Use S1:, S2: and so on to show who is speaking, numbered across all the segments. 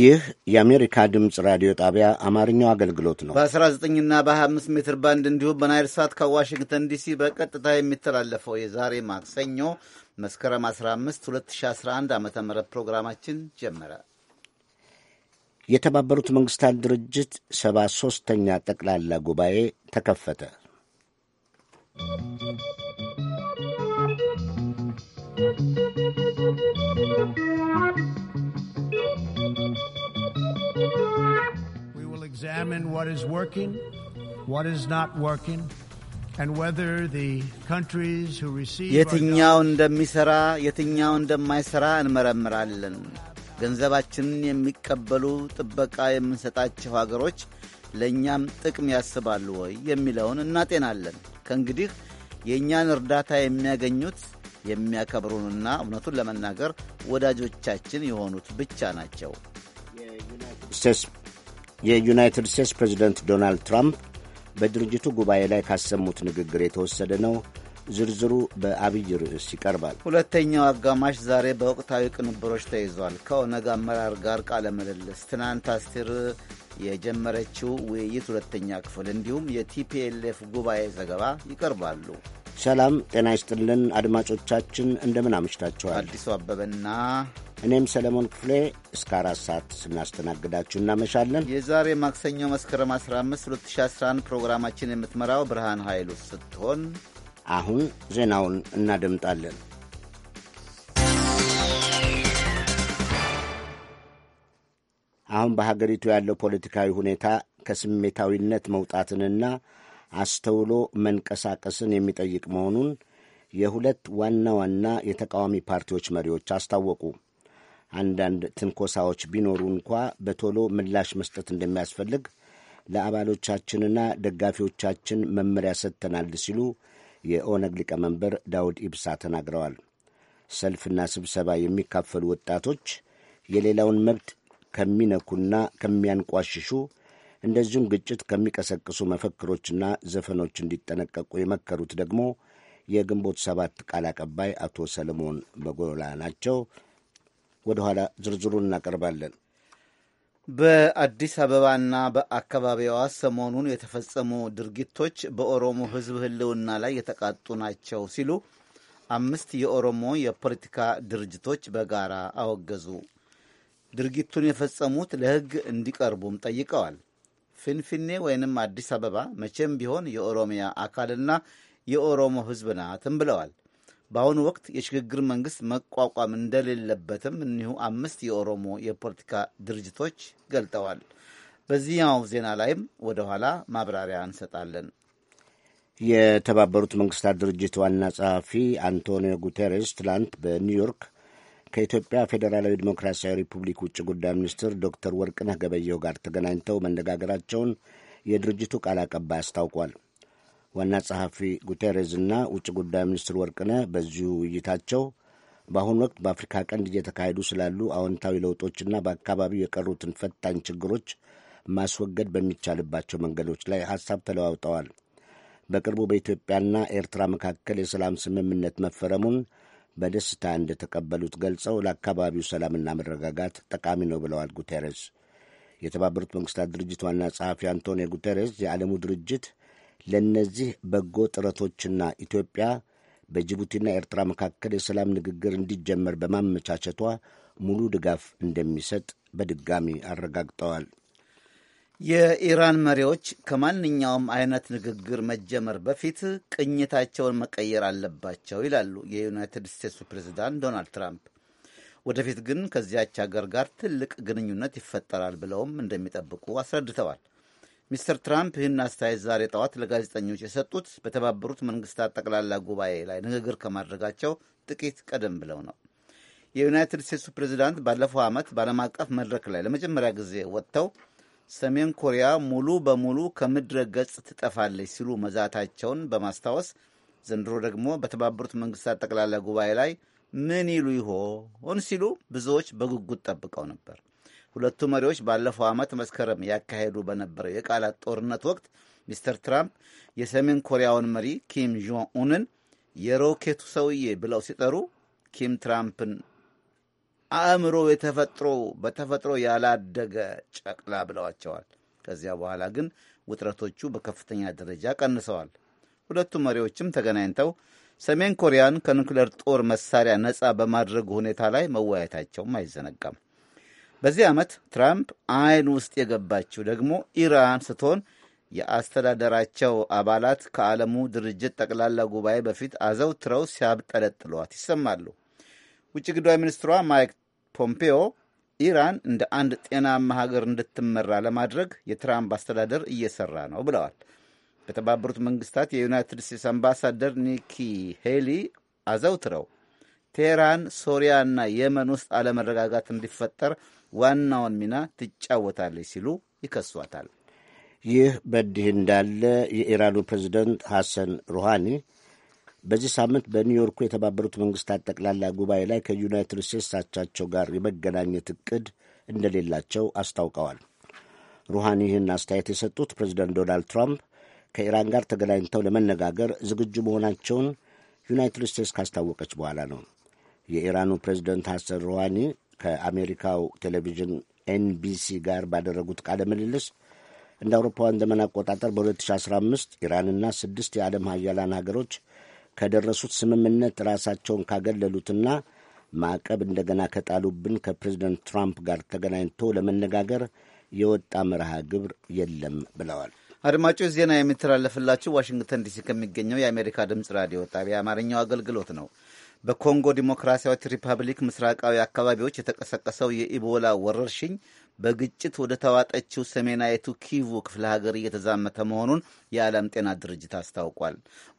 S1: ይህ የአሜሪካ ድምፅ ራዲዮ ጣቢያ አማርኛው አገልግሎት ነው።
S2: በ19 ና በ25 ሜትር ባንድ እንዲሁም በናይል ሳት ከዋሽንግተን ዲሲ በቀጥታ የሚተላለፈው የዛሬ ማክሰኞ መስከረም 15 2011 ዓ ም ፕሮግራማችን ጀመረ።
S1: የተባበሩት መንግስታት ድርጅት ሰባ ሦስተኛ ጠቅላላ ጉባኤ ተከፈተ። determine what is working, what is not working, and whether the
S3: countries who receive
S4: የትኛው
S2: እንደሚሰራ የትኛው እንደማይሰራ እንመረምራለን። ገንዘባችንን የሚቀበሉ ጥበቃ የምንሰጣቸው ሀገሮች ለእኛም ጥቅም ያስባሉ ወይ የሚለውን እናጤናለን። ከእንግዲህ የእኛን እርዳታ የሚያገኙት የሚያከብሩንና እውነቱን ለመናገር ወዳጆቻችን የሆኑት ብቻ ናቸው።
S1: የዩናይትድ ስቴትስ ፕሬዚደንት ዶናልድ ትራምፕ በድርጅቱ ጉባኤ ላይ ካሰሙት ንግግር የተወሰደ ነው። ዝርዝሩ በአብይ ርዕስ ይቀርባል።
S2: ሁለተኛው አጋማሽ ዛሬ በወቅታዊ ቅንብሮች ተይዟል። ከኦነግ አመራር ጋር ቃለ ምልልስ፣ ትናንት አስቴር የጀመረችው ውይይት ሁለተኛ ክፍል እንዲሁም የቲፒኤልኤፍ ጉባኤ ዘገባ ይቀርባሉ።
S1: ሰላም ጤና ይስጥልን አድማጮቻችን፣ እንደምን አምሽታችኋል?
S2: አዲሱ አበበና
S1: እኔም ሰለሞን ክፍሌ እስከ አራት ሰዓት ስናስተናግዳችሁ እናመሻለን።
S2: የዛሬ ማክሰኞ መስከረም 15 2011 ፕሮግራማችን የምትመራው ብርሃን ኃይሉ ስትሆን አሁን
S1: ዜናውን እናደምጣለን። አሁን በሀገሪቱ ያለው ፖለቲካዊ ሁኔታ ከስሜታዊነት መውጣትንና አስተውሎ መንቀሳቀስን የሚጠይቅ መሆኑን የሁለት ዋና ዋና የተቃዋሚ ፓርቲዎች መሪዎች አስታወቁ። አንዳንድ ትንኮሳዎች ቢኖሩ እንኳ በቶሎ ምላሽ መስጠት እንደሚያስፈልግ ለአባሎቻችንና ደጋፊዎቻችን መመሪያ ሰጥተናል ሲሉ የኦነግ ሊቀመንበር ዳውድ ኢብሳ ተናግረዋል። ሰልፍና ስብሰባ የሚካፈሉ ወጣቶች የሌላውን መብት ከሚነኩና ከሚያንቋሽሹ እንደዚሁም ግጭት ከሚቀሰቅሱ መፈክሮችና ዘፈኖች እንዲጠነቀቁ የመከሩት ደግሞ የግንቦት ሰባት ቃል አቀባይ አቶ ሰለሞን በጎላ ናቸው። ወደ ኋላ ዝርዝሩን እናቀርባለን።
S2: በአዲስ አበባና በአካባቢዋ ሰሞኑን የተፈጸሙ ድርጊቶች በኦሮሞ ሕዝብ ሕልውና ላይ የተቃጡ ናቸው ሲሉ አምስት የኦሮሞ የፖለቲካ ድርጅቶች በጋራ አወገዙ። ድርጊቱን የፈጸሙት ለሕግ እንዲቀርቡም ጠይቀዋል። ፊንፊኔ ወይንም አዲስ አበባ መቼም ቢሆን የኦሮሚያ አካልና የኦሮሞ ሕዝብ ናትም ብለዋል። በአሁኑ ወቅት የሽግግር መንግስት መቋቋም እንደሌለበትም እኒሁ አምስት የኦሮሞ የፖለቲካ ድርጅቶች ገልጠዋል። በዚያው ዜና ላይም ወደ ኋላ ማብራሪያ እንሰጣለን።
S1: የተባበሩት መንግስታት ድርጅት ዋና ጸሐፊ አንቶኒዮ ጉቴሬስ ትላንት በኒውዮርክ ከኢትዮጵያ ፌዴራላዊ ዲሞክራሲያዊ ሪፑብሊክ ውጭ ጉዳይ ሚኒስትር ዶክተር ወርቅነህ ገበየሁ ጋር ተገናኝተው መነጋገራቸውን የድርጅቱ ቃል አቀባይ አስታውቋል። ዋና ጸሐፊ እና ውጭ ጉዳይ ሚኒስትር ወርቅነህ በዚሁ ውይይታቸው በአሁኑ ወቅት በአፍሪካ ቀንድ እየተካሄዱ ስላሉ አዎንታዊ ለውጦችና በአካባቢው የቀሩትን ፈታኝ ችግሮች ማስወገድ በሚቻልባቸው መንገዶች ላይ ሐሳብ ተለዋውጠዋል። በቅርቡ በኢትዮጵያና ኤርትራ መካከል የሰላም ስምምነት መፈረሙን በደስታ እንደተቀበሉት ገልጸው ለአካባቢው ሰላምና መረጋጋት ጠቃሚ ነው ብለዋል ጉቴሬስ። የተባበሩት መንግስታት ድርጅት ዋና ጸሐፊ አንቶኒዮ ጉቴሬስ የዓለሙ ድርጅት ለእነዚህ በጎ ጥረቶችና ኢትዮጵያ በጅቡቲና ኤርትራ መካከል የሰላም ንግግር እንዲጀመር በማመቻቸቷ ሙሉ ድጋፍ እንደሚሰጥ በድጋሚ አረጋግጠዋል።
S2: የኢራን መሪዎች ከማንኛውም አይነት ንግግር መጀመር በፊት ቅኝታቸውን መቀየር አለባቸው ይላሉ የዩናይትድ ስቴትሱ ፕሬዚዳንት ዶናልድ ትራምፕ። ወደፊት ግን ከዚያች አገር ጋር ትልቅ ግንኙነት ይፈጠራል ብለውም እንደሚጠብቁ አስረድተዋል። ሚስተር ትራምፕ ይህን አስተያየት ዛሬ ጠዋት ለጋዜጠኞች የሰጡት በተባበሩት መንግስታት ጠቅላላ ጉባኤ ላይ ንግግር ከማድረጋቸው ጥቂት ቀደም ብለው ነው። የዩናይትድ ስቴትሱ ፕሬዚዳንት ባለፈው ዓመት በዓለም አቀፍ መድረክ ላይ ለመጀመሪያ ጊዜ ወጥተው ሰሜን ኮሪያ ሙሉ በሙሉ ከምድረ ገጽ ትጠፋለች ሲሉ መዛታቸውን በማስታወስ ዘንድሮ ደግሞ በተባበሩት መንግስታት ጠቅላላ ጉባኤ ላይ ምን ይሉ ይሆን ሲሉ ብዙዎች በጉጉት ጠብቀው ነበር። ሁለቱ መሪዎች ባለፈው ዓመት መስከረም ያካሄዱ በነበረው የቃላት ጦርነት ወቅት ሚስተር ትራምፕ የሰሜን ኮሪያውን መሪ ኪም ጆን ኡንን የሮኬቱ ሰውዬ ብለው ሲጠሩ ኪም ትራምፕን አእምሮ የተፈጥሮ በተፈጥሮ ያላደገ ጨቅላ ብለዋቸዋል። ከዚያ በኋላ ግን ውጥረቶቹ በከፍተኛ ደረጃ ቀንሰዋል። ሁለቱ መሪዎችም ተገናኝተው ሰሜን ኮሪያን ከኑክሌር ጦር መሳሪያ ነጻ በማድረጉ ሁኔታ ላይ መወያየታቸውም አይዘነጋም። በዚህ ዓመት ትራምፕ አይን ውስጥ የገባችው ደግሞ ኢራን ስትሆን የአስተዳደራቸው አባላት ከዓለሙ ድርጅት ጠቅላላ ጉባኤ በፊት አዘውትረው ሲያብጠለጥሏት ይሰማሉ። ውጭ ጉዳይ ሚኒስትሯ ማይክ ፖምፔዮ ኢራን እንደ አንድ ጤናማ ሀገር እንድትመራ ለማድረግ የትራምፕ አስተዳደር እየሰራ ነው ብለዋል። በተባበሩት መንግስታት የዩናይትድ ስቴትስ አምባሳደር ኒኪ ሄሊ አዘውትረው ቴህራን፣ ሶሪያና የመን ውስጥ አለመረጋጋት እንዲፈጠር ዋናውን ሚና ትጫወታለች ሲሉ ይከሷታል።
S1: ይህ በእንዲህ እንዳለ የኢራኑ ፕሬዚደንት ሐሰን ሩሃኒ በዚህ ሳምንት በኒውዮርኩ የተባበሩት መንግስታት ጠቅላላ ጉባኤ ላይ ከዩናይትድ ስቴትስ አቻቸው ጋር የመገናኘት እቅድ እንደሌላቸው አስታውቀዋል። ሩሃኒ ይህን አስተያየት የሰጡት ፕሬዚደንት ዶናልድ ትራምፕ ከኢራን ጋር ተገናኝተው ለመነጋገር ዝግጁ መሆናቸውን ዩናይትድ ስቴትስ ካስታወቀች በኋላ ነው። የኢራኑ ፕሬዚደንት ሐሰን ሮሃኒ ከአሜሪካው ቴሌቪዥን ኤንቢሲ ጋር ባደረጉት ቃለ ምልልስ እንደ አውሮፓውያን ዘመን አቆጣጠር በ2015 ኢራንና ስድስት የዓለም ሀያላን ሀገሮች ከደረሱት ስምምነት ራሳቸውን ካገለሉትና ማዕቀብ እንደገና ከጣሉብን ከፕሬዚደንት ትራምፕ ጋር ተገናኝቶ ለመነጋገር የወጣ መርሃ ግብር የለም
S2: ብለዋል። አድማጮች ዜና የሚተላለፍላችሁ ዋሽንግተን ዲሲ ከሚገኘው የአሜሪካ ድምፅ ራዲዮ ጣቢያ የአማርኛው አገልግሎት ነው። በኮንጎ ዲሞክራሲያዊት ሪፐብሊክ ምስራቃዊ አካባቢዎች የተቀሰቀሰው የኢቦላ ወረርሽኝ በግጭት ወደ ተዋጠችው ሰሜናዊቱ ኪቩ ክፍለ ሀገር እየተዛመተ መሆኑን የዓለም ጤና ድርጅት አስታውቋል።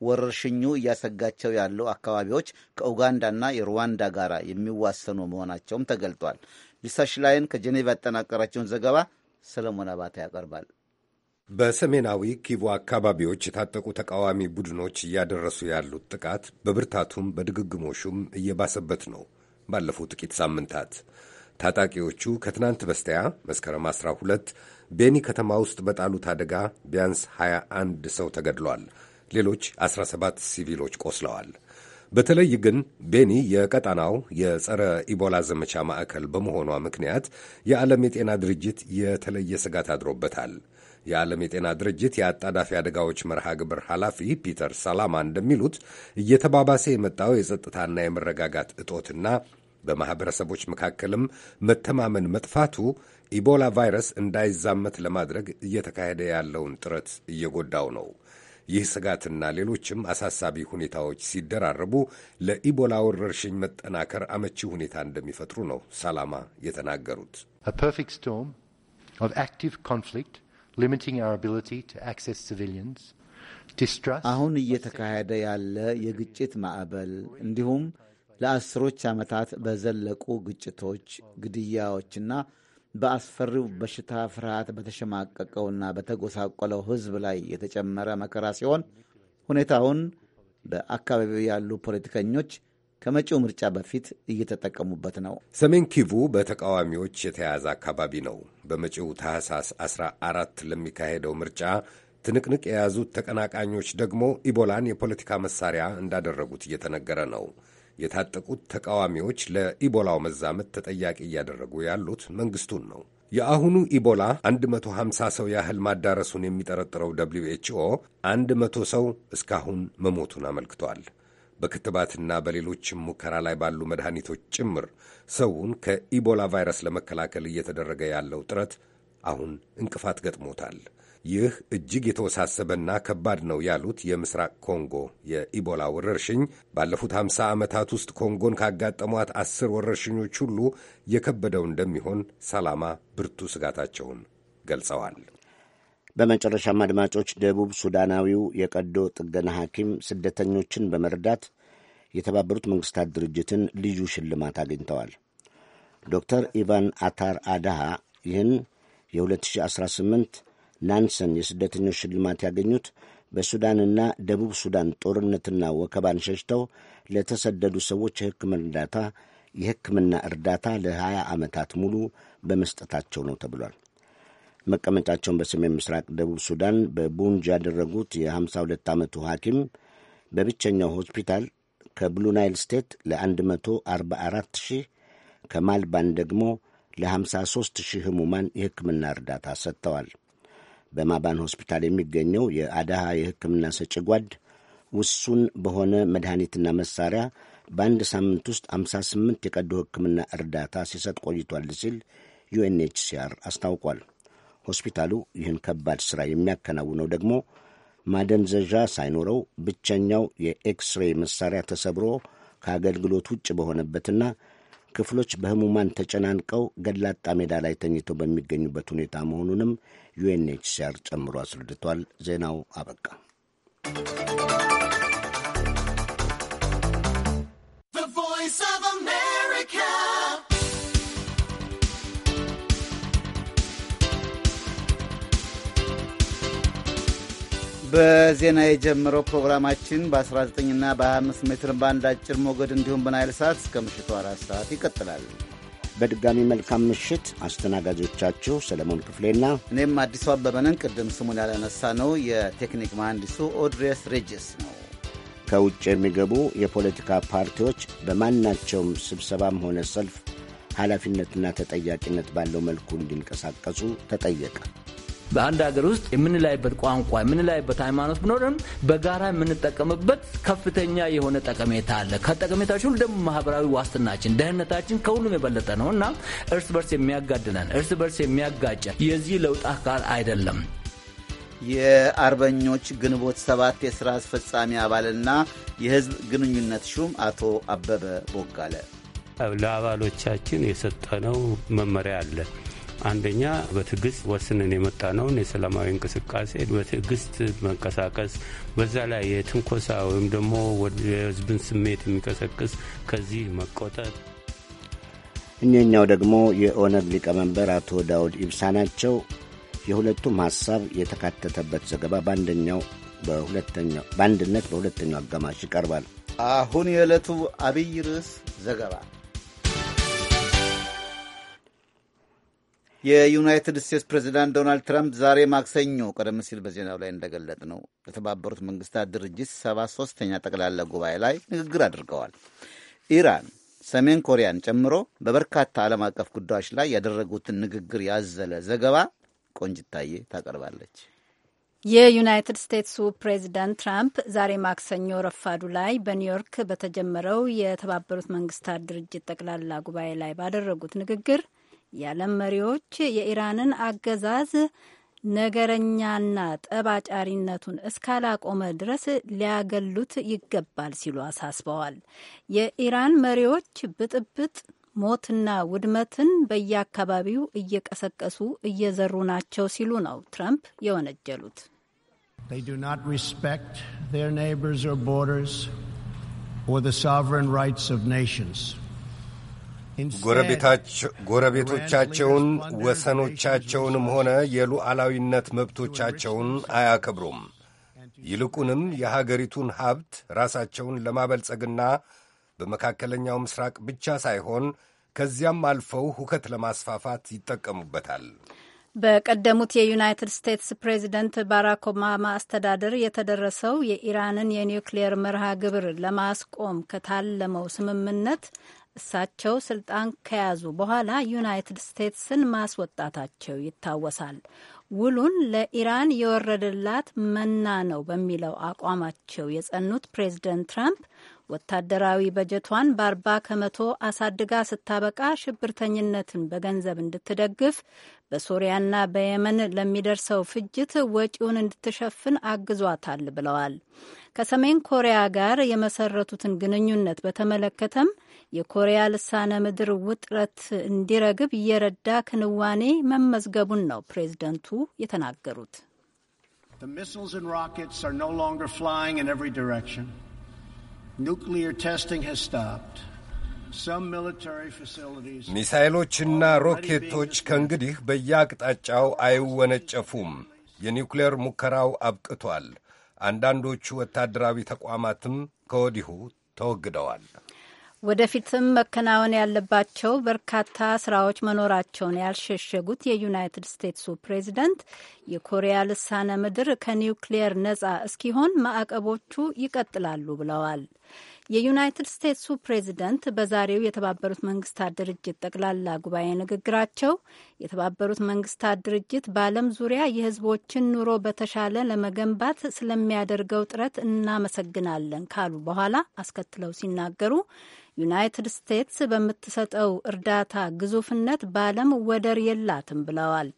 S2: ወረርሽኙ እያሰጋቸው ያለው አካባቢዎች ከኡጋንዳና የሩዋንዳ ጋር የሚዋሰኑ መሆናቸውም ተገልጧል። ሊሳ ሽላይን ከጄኔቭ ያጠናቀራቸውን ዘገባ ሰለሞን አባተ ያቀርባል።
S5: በሰሜናዊ ኪቮ አካባቢዎች የታጠቁ ተቃዋሚ ቡድኖች እያደረሱ ያሉት ጥቃት በብርታቱም በድግግሞሹም እየባሰበት ነው። ባለፉ ጥቂት ሳምንታት ታጣቂዎቹ ከትናንት በስቲያ መስከረም 12 ቤኒ ከተማ ውስጥ በጣሉት አደጋ ቢያንስ 21 ሰው ተገድሏል። ሌሎች 17 ሲቪሎች ቆስለዋል። በተለይ ግን ቤኒ የቀጣናው የጸረ ኢቦላ ዘመቻ ማዕከል በመሆኗ ምክንያት የዓለም የጤና ድርጅት የተለየ ስጋት አድሮበታል። የዓለም የጤና ድርጅት የአጣዳፊ አደጋዎች መርሃ ግብር ኃላፊ ፒተር ሰላማ እንደሚሉት እየተባባሰ የመጣው የጸጥታና የመረጋጋት እጦትና በማኅበረሰቦች መካከልም መተማመን መጥፋቱ ኢቦላ ቫይረስ እንዳይዛመት ለማድረግ እየተካሄደ ያለውን ጥረት እየጎዳው ነው። ይህ ስጋትና ሌሎችም አሳሳቢ ሁኔታዎች ሲደራረቡ ለኢቦላ ወረርሽኝ መጠናከር አመቺ ሁኔታ እንደሚፈጥሩ ነው ሰላማ የተናገሩት።
S6: አሁን እየተካሄደ ያለ
S2: የግጭት ማዕበል እንዲሁም ለአስሮች ዓመታት በዘለቁ ግጭቶች፣ ግድያዎችና በአስፈሪው በሽታ ፍርሃት በተሸማቀቀውና በተጎሳቆለው ሕዝብ ላይ የተጨመረ መከራ ሲሆን ሁኔታውን በአካባቢው ያሉ ፖለቲከኞች ከመጪው ምርጫ በፊት እየተጠቀሙበት ነው።
S5: ሰሜን ኪቩ በተቃዋሚዎች የተያዘ አካባቢ ነው። በመጪው ታህሳስ 14 ለሚካሄደው ምርጫ ትንቅንቅ የያዙት ተቀናቃኞች ደግሞ ኢቦላን የፖለቲካ መሳሪያ እንዳደረጉት እየተነገረ ነው። የታጠቁት ተቃዋሚዎች ለኢቦላው መዛመት ተጠያቂ እያደረጉ ያሉት መንግስቱን ነው። የአሁኑ ኢቦላ 150 ሰው ያህል ማዳረሱን የሚጠረጥረው ደብሊው ኤችኦ 100 ሰው እስካሁን መሞቱን አመልክቷል። በክትባትና በሌሎችም ሙከራ ላይ ባሉ መድኃኒቶች ጭምር ሰውን ከኢቦላ ቫይረስ ለመከላከል እየተደረገ ያለው ጥረት አሁን እንቅፋት ገጥሞታል። ይህ እጅግ የተወሳሰበና ከባድ ነው ያሉት የምስራቅ ኮንጎ የኢቦላ ወረርሽኝ ባለፉት 50 ዓመታት ውስጥ ኮንጎን ካጋጠሟት አስር ወረርሽኞች ሁሉ የከበደው እንደሚሆን ሰላማ ብርቱ ስጋታቸውን ገልጸዋል።
S1: በመጨረሻም አድማጮች ደቡብ ሱዳናዊው የቀዶ ጥገና ሐኪም ስደተኞችን በመርዳት የተባበሩት መንግስታት ድርጅትን ልዩ ሽልማት አግኝተዋል። ዶክተር ኢቫን አታር አዳሃ ይህን የ2018 ናንሰን የስደተኞች ሽልማት ያገኙት በሱዳንና ደቡብ ሱዳን ጦርነትና ወከባን ሸሽተው ለተሰደዱ ሰዎች የሕክምና እርዳታ ለ20 ዓመታት ሙሉ በመስጠታቸው ነው ተብሏል። መቀመጫቸውን በሰሜን ምስራቅ ደቡብ ሱዳን በቡንጅ ያደረጉት የ52 ዓመቱ ሐኪም በብቸኛው ሆስፒታል ከብሉ ናይል ስቴት ለ144 ሺህ ከማልባን ደግሞ ለ53 ሺህ ህሙማን የሕክምና እርዳታ ሰጥተዋል። በማባን ሆስፒታል የሚገኘው የአዳሃ የሕክምና ሰጪ ጓድ ውሱን በሆነ መድኃኒትና መሳሪያ በአንድ ሳምንት ውስጥ 58 የቀዶ ሕክምና እርዳታ ሲሰጥ ቆይቷል ሲል ዩኤንኤችሲአር አስታውቋል። ሆስፒታሉ ይህን ከባድ ሥራ የሚያከናውነው ደግሞ ማደንዘዣ ሳይኖረው ብቸኛው የኤክስሬይ መሣሪያ ተሰብሮ ከአገልግሎት ውጭ በሆነበትና ክፍሎች በህሙማን ተጨናንቀው ገላጣ ሜዳ ላይ ተኝተው በሚገኙበት ሁኔታ መሆኑንም ዩኤንኤችሲአር ጨምሮ አስረድቷል። ዜናው አበቃ።
S2: በዜና የጀመረው ፕሮግራማችን በ19ና በ25 ሜትር ባንድ አጭር ሞገድ እንዲሁም በናይል ሰዓት እስከ ምሽቱ አራት ሰዓት ይቀጥላል። በድጋሚ
S1: መልካም ምሽት። አስተናጋጆቻችሁ ሰለሞን ክፍሌና
S2: እኔም አዲሱ አበበንን። ቅድም ስሙን ያላነሳ ነው የቴክኒክ መሐንዲሱ ኦድሬስ ሬጅስ ነው።
S1: ከውጭ የሚገቡ የፖለቲካ ፓርቲዎች በማናቸውም ስብሰባም ሆነ ሰልፍ ኃላፊነትና ተጠያቂነት ባለው መልኩ እንዲንቀሳቀሱ ተጠየቀ።
S7: በአንድ ሀገር ውስጥ የምንለያይበት ቋንቋ የምንለያይበት ሃይማኖት ቢኖርም በጋራ የምንጠቀምበት ከፍተኛ የሆነ ጠቀሜታ አለ። ከጠቀሜታዎች ሁሉ ደግሞ ማህበራዊ ዋስትናችን፣ ደህንነታችን ከሁሉም የበለጠ ነው እና እርስ በርስ የሚያጋድለን እርስ በርስ የሚያጋጨን የዚህ ለውጥ አካል አይደለም።
S2: የአርበኞች ግንቦት ሰባት የሥራ አስፈጻሚ አባልና የህዝብ ግንኙነት ሹም አቶ አበበ ቦጋለ
S4: ለአባሎቻችን የሰጠነው መመሪያ አለ አንደኛ በትዕግስት ወስንን የመጣ ነውን የሰላማዊ እንቅስቃሴ በትዕግስት መንቀሳቀስ፣ በዛ ላይ የትንኮሳ ወይም ደግሞ የህዝብን ስሜት የሚቀሰቅስ ከዚህ መቆጠር።
S1: እኚኛው ደግሞ የኦነግ ሊቀመንበር አቶ ዳውድ ኢብሳ ናቸው። የሁለቱም ሐሳብ የተካተተበት ዘገባ በአንደኛው በሁለተኛው በአንድነት በሁለተኛው አጋማሽ ይቀርባል።
S2: አሁን የዕለቱ አብይ ርዕስ ዘገባ የዩናይትድ ስቴትስ ፕሬዚዳንት ዶናልድ ትራምፕ ዛሬ ማክሰኞ ቀደም ሲል በዜናው ላይ እንደገለጥ ነው በተባበሩት መንግስታት ድርጅት ሰባ ሶስተኛ ጠቅላላ ጉባኤ ላይ ንግግር አድርገዋል። ኢራን ሰሜን ኮሪያን ጨምሮ በበርካታ ዓለም አቀፍ ጉዳዮች ላይ ያደረጉትን ንግግር ያዘለ ዘገባ ቆንጅታዬ ታቀርባለች።
S8: የዩናይትድ ስቴትሱ ፕሬዚዳንት ትራምፕ ዛሬ ማክሰኞ ረፋዱ ላይ በኒውዮርክ በተጀመረው የተባበሩት መንግስታት ድርጅት ጠቅላላ ጉባኤ ላይ ባደረጉት ንግግር የዓለም መሪዎች የኢራንን አገዛዝ ነገረኛና ጠባጫሪነቱን እስካላቆመ ድረስ ሊያገሉት ይገባል ሲሉ አሳስበዋል። የኢራን መሪዎች ብጥብጥ፣ ሞትና ውድመትን በየአካባቢው እየቀሰቀሱ እየዘሩ ናቸው ሲሉ ነው ትራምፕ የወነጀሉት።
S1: ሪስፔክት ር ኔበርስ ር ቦርደርስ ር ሶቨረን
S5: ጎረቤቶቻቸውን ወሰኖቻቸውንም ሆነ የሉዓላዊነት መብቶቻቸውን አያከብሩም። ይልቁንም የሀገሪቱን ሀብት ራሳቸውን ለማበልጸግና በመካከለኛው ምስራቅ ብቻ ሳይሆን ከዚያም አልፈው ሁከት ለማስፋፋት ይጠቀሙበታል።
S8: በቀደሙት የዩናይትድ ስቴትስ ፕሬዚደንት ባራክ ኦባማ አስተዳደር የተደረሰው የኢራንን የኒውክሌየር መርሃ ግብር ለማስቆም ከታለመው ስምምነት እሳቸው ስልጣን ከያዙ በኋላ ዩናይትድ ስቴትስን ማስወጣታቸው ይታወሳል። ውሉን ለኢራን የወረደላት መና ነው በሚለው አቋማቸው የጸኑት ፕሬዝደንት ትራምፕ ወታደራዊ በጀቷን በአርባ ከመቶ አሳድጋ ስታበቃ ሽብርተኝነትን በገንዘብ እንድትደግፍ በሶሪያና በየመን ለሚደርሰው ፍጅት ወጪውን እንድትሸፍን አግዟታል ብለዋል። ከሰሜን ኮሪያ ጋር የመሰረቱትን ግንኙነት በተመለከተም የኮሪያ ልሳነ ምድር ውጥረት እንዲረግብ እየረዳ ክንዋኔ መመዝገቡን ነው ፕሬዝደንቱ የተናገሩት።
S5: ሚሳይሎችና ሮኬቶች ከእንግዲህ በየአቅጣጫው አይወነጨፉም። የኒውክሌር ሙከራው አብቅቷል። አንዳንዶቹ ወታደራዊ ተቋማትም ከወዲሁ ተወግደዋል።
S8: ወደፊትም መከናወን ያለባቸው በርካታ ስራዎች መኖራቸውን ያልሸሸጉት የዩናይትድ ስቴትሱ ፕሬዚደንት የኮሪያ ልሳነ ምድር ከኒውክሊየር ነጻ እስኪሆን ማዕቀቦቹ ይቀጥላሉ ብለዋል። የዩናይትድ ስቴትሱ ፕሬዚደንት በዛሬው የተባበሩት መንግስታት ድርጅት ጠቅላላ ጉባኤ ንግግራቸው የተባበሩት መንግስታት ድርጅት በዓለም ዙሪያ የሕዝቦችን ኑሮ በተሻለ ለመገንባት ስለሚያደርገው ጥረት እናመሰግናለን ካሉ በኋላ አስከትለው ሲናገሩ ዩናይትድ ስቴትስ በምትሰጠው እርዳታ ግዙፍነት በዓለም ወደር የላትም ብለዋል።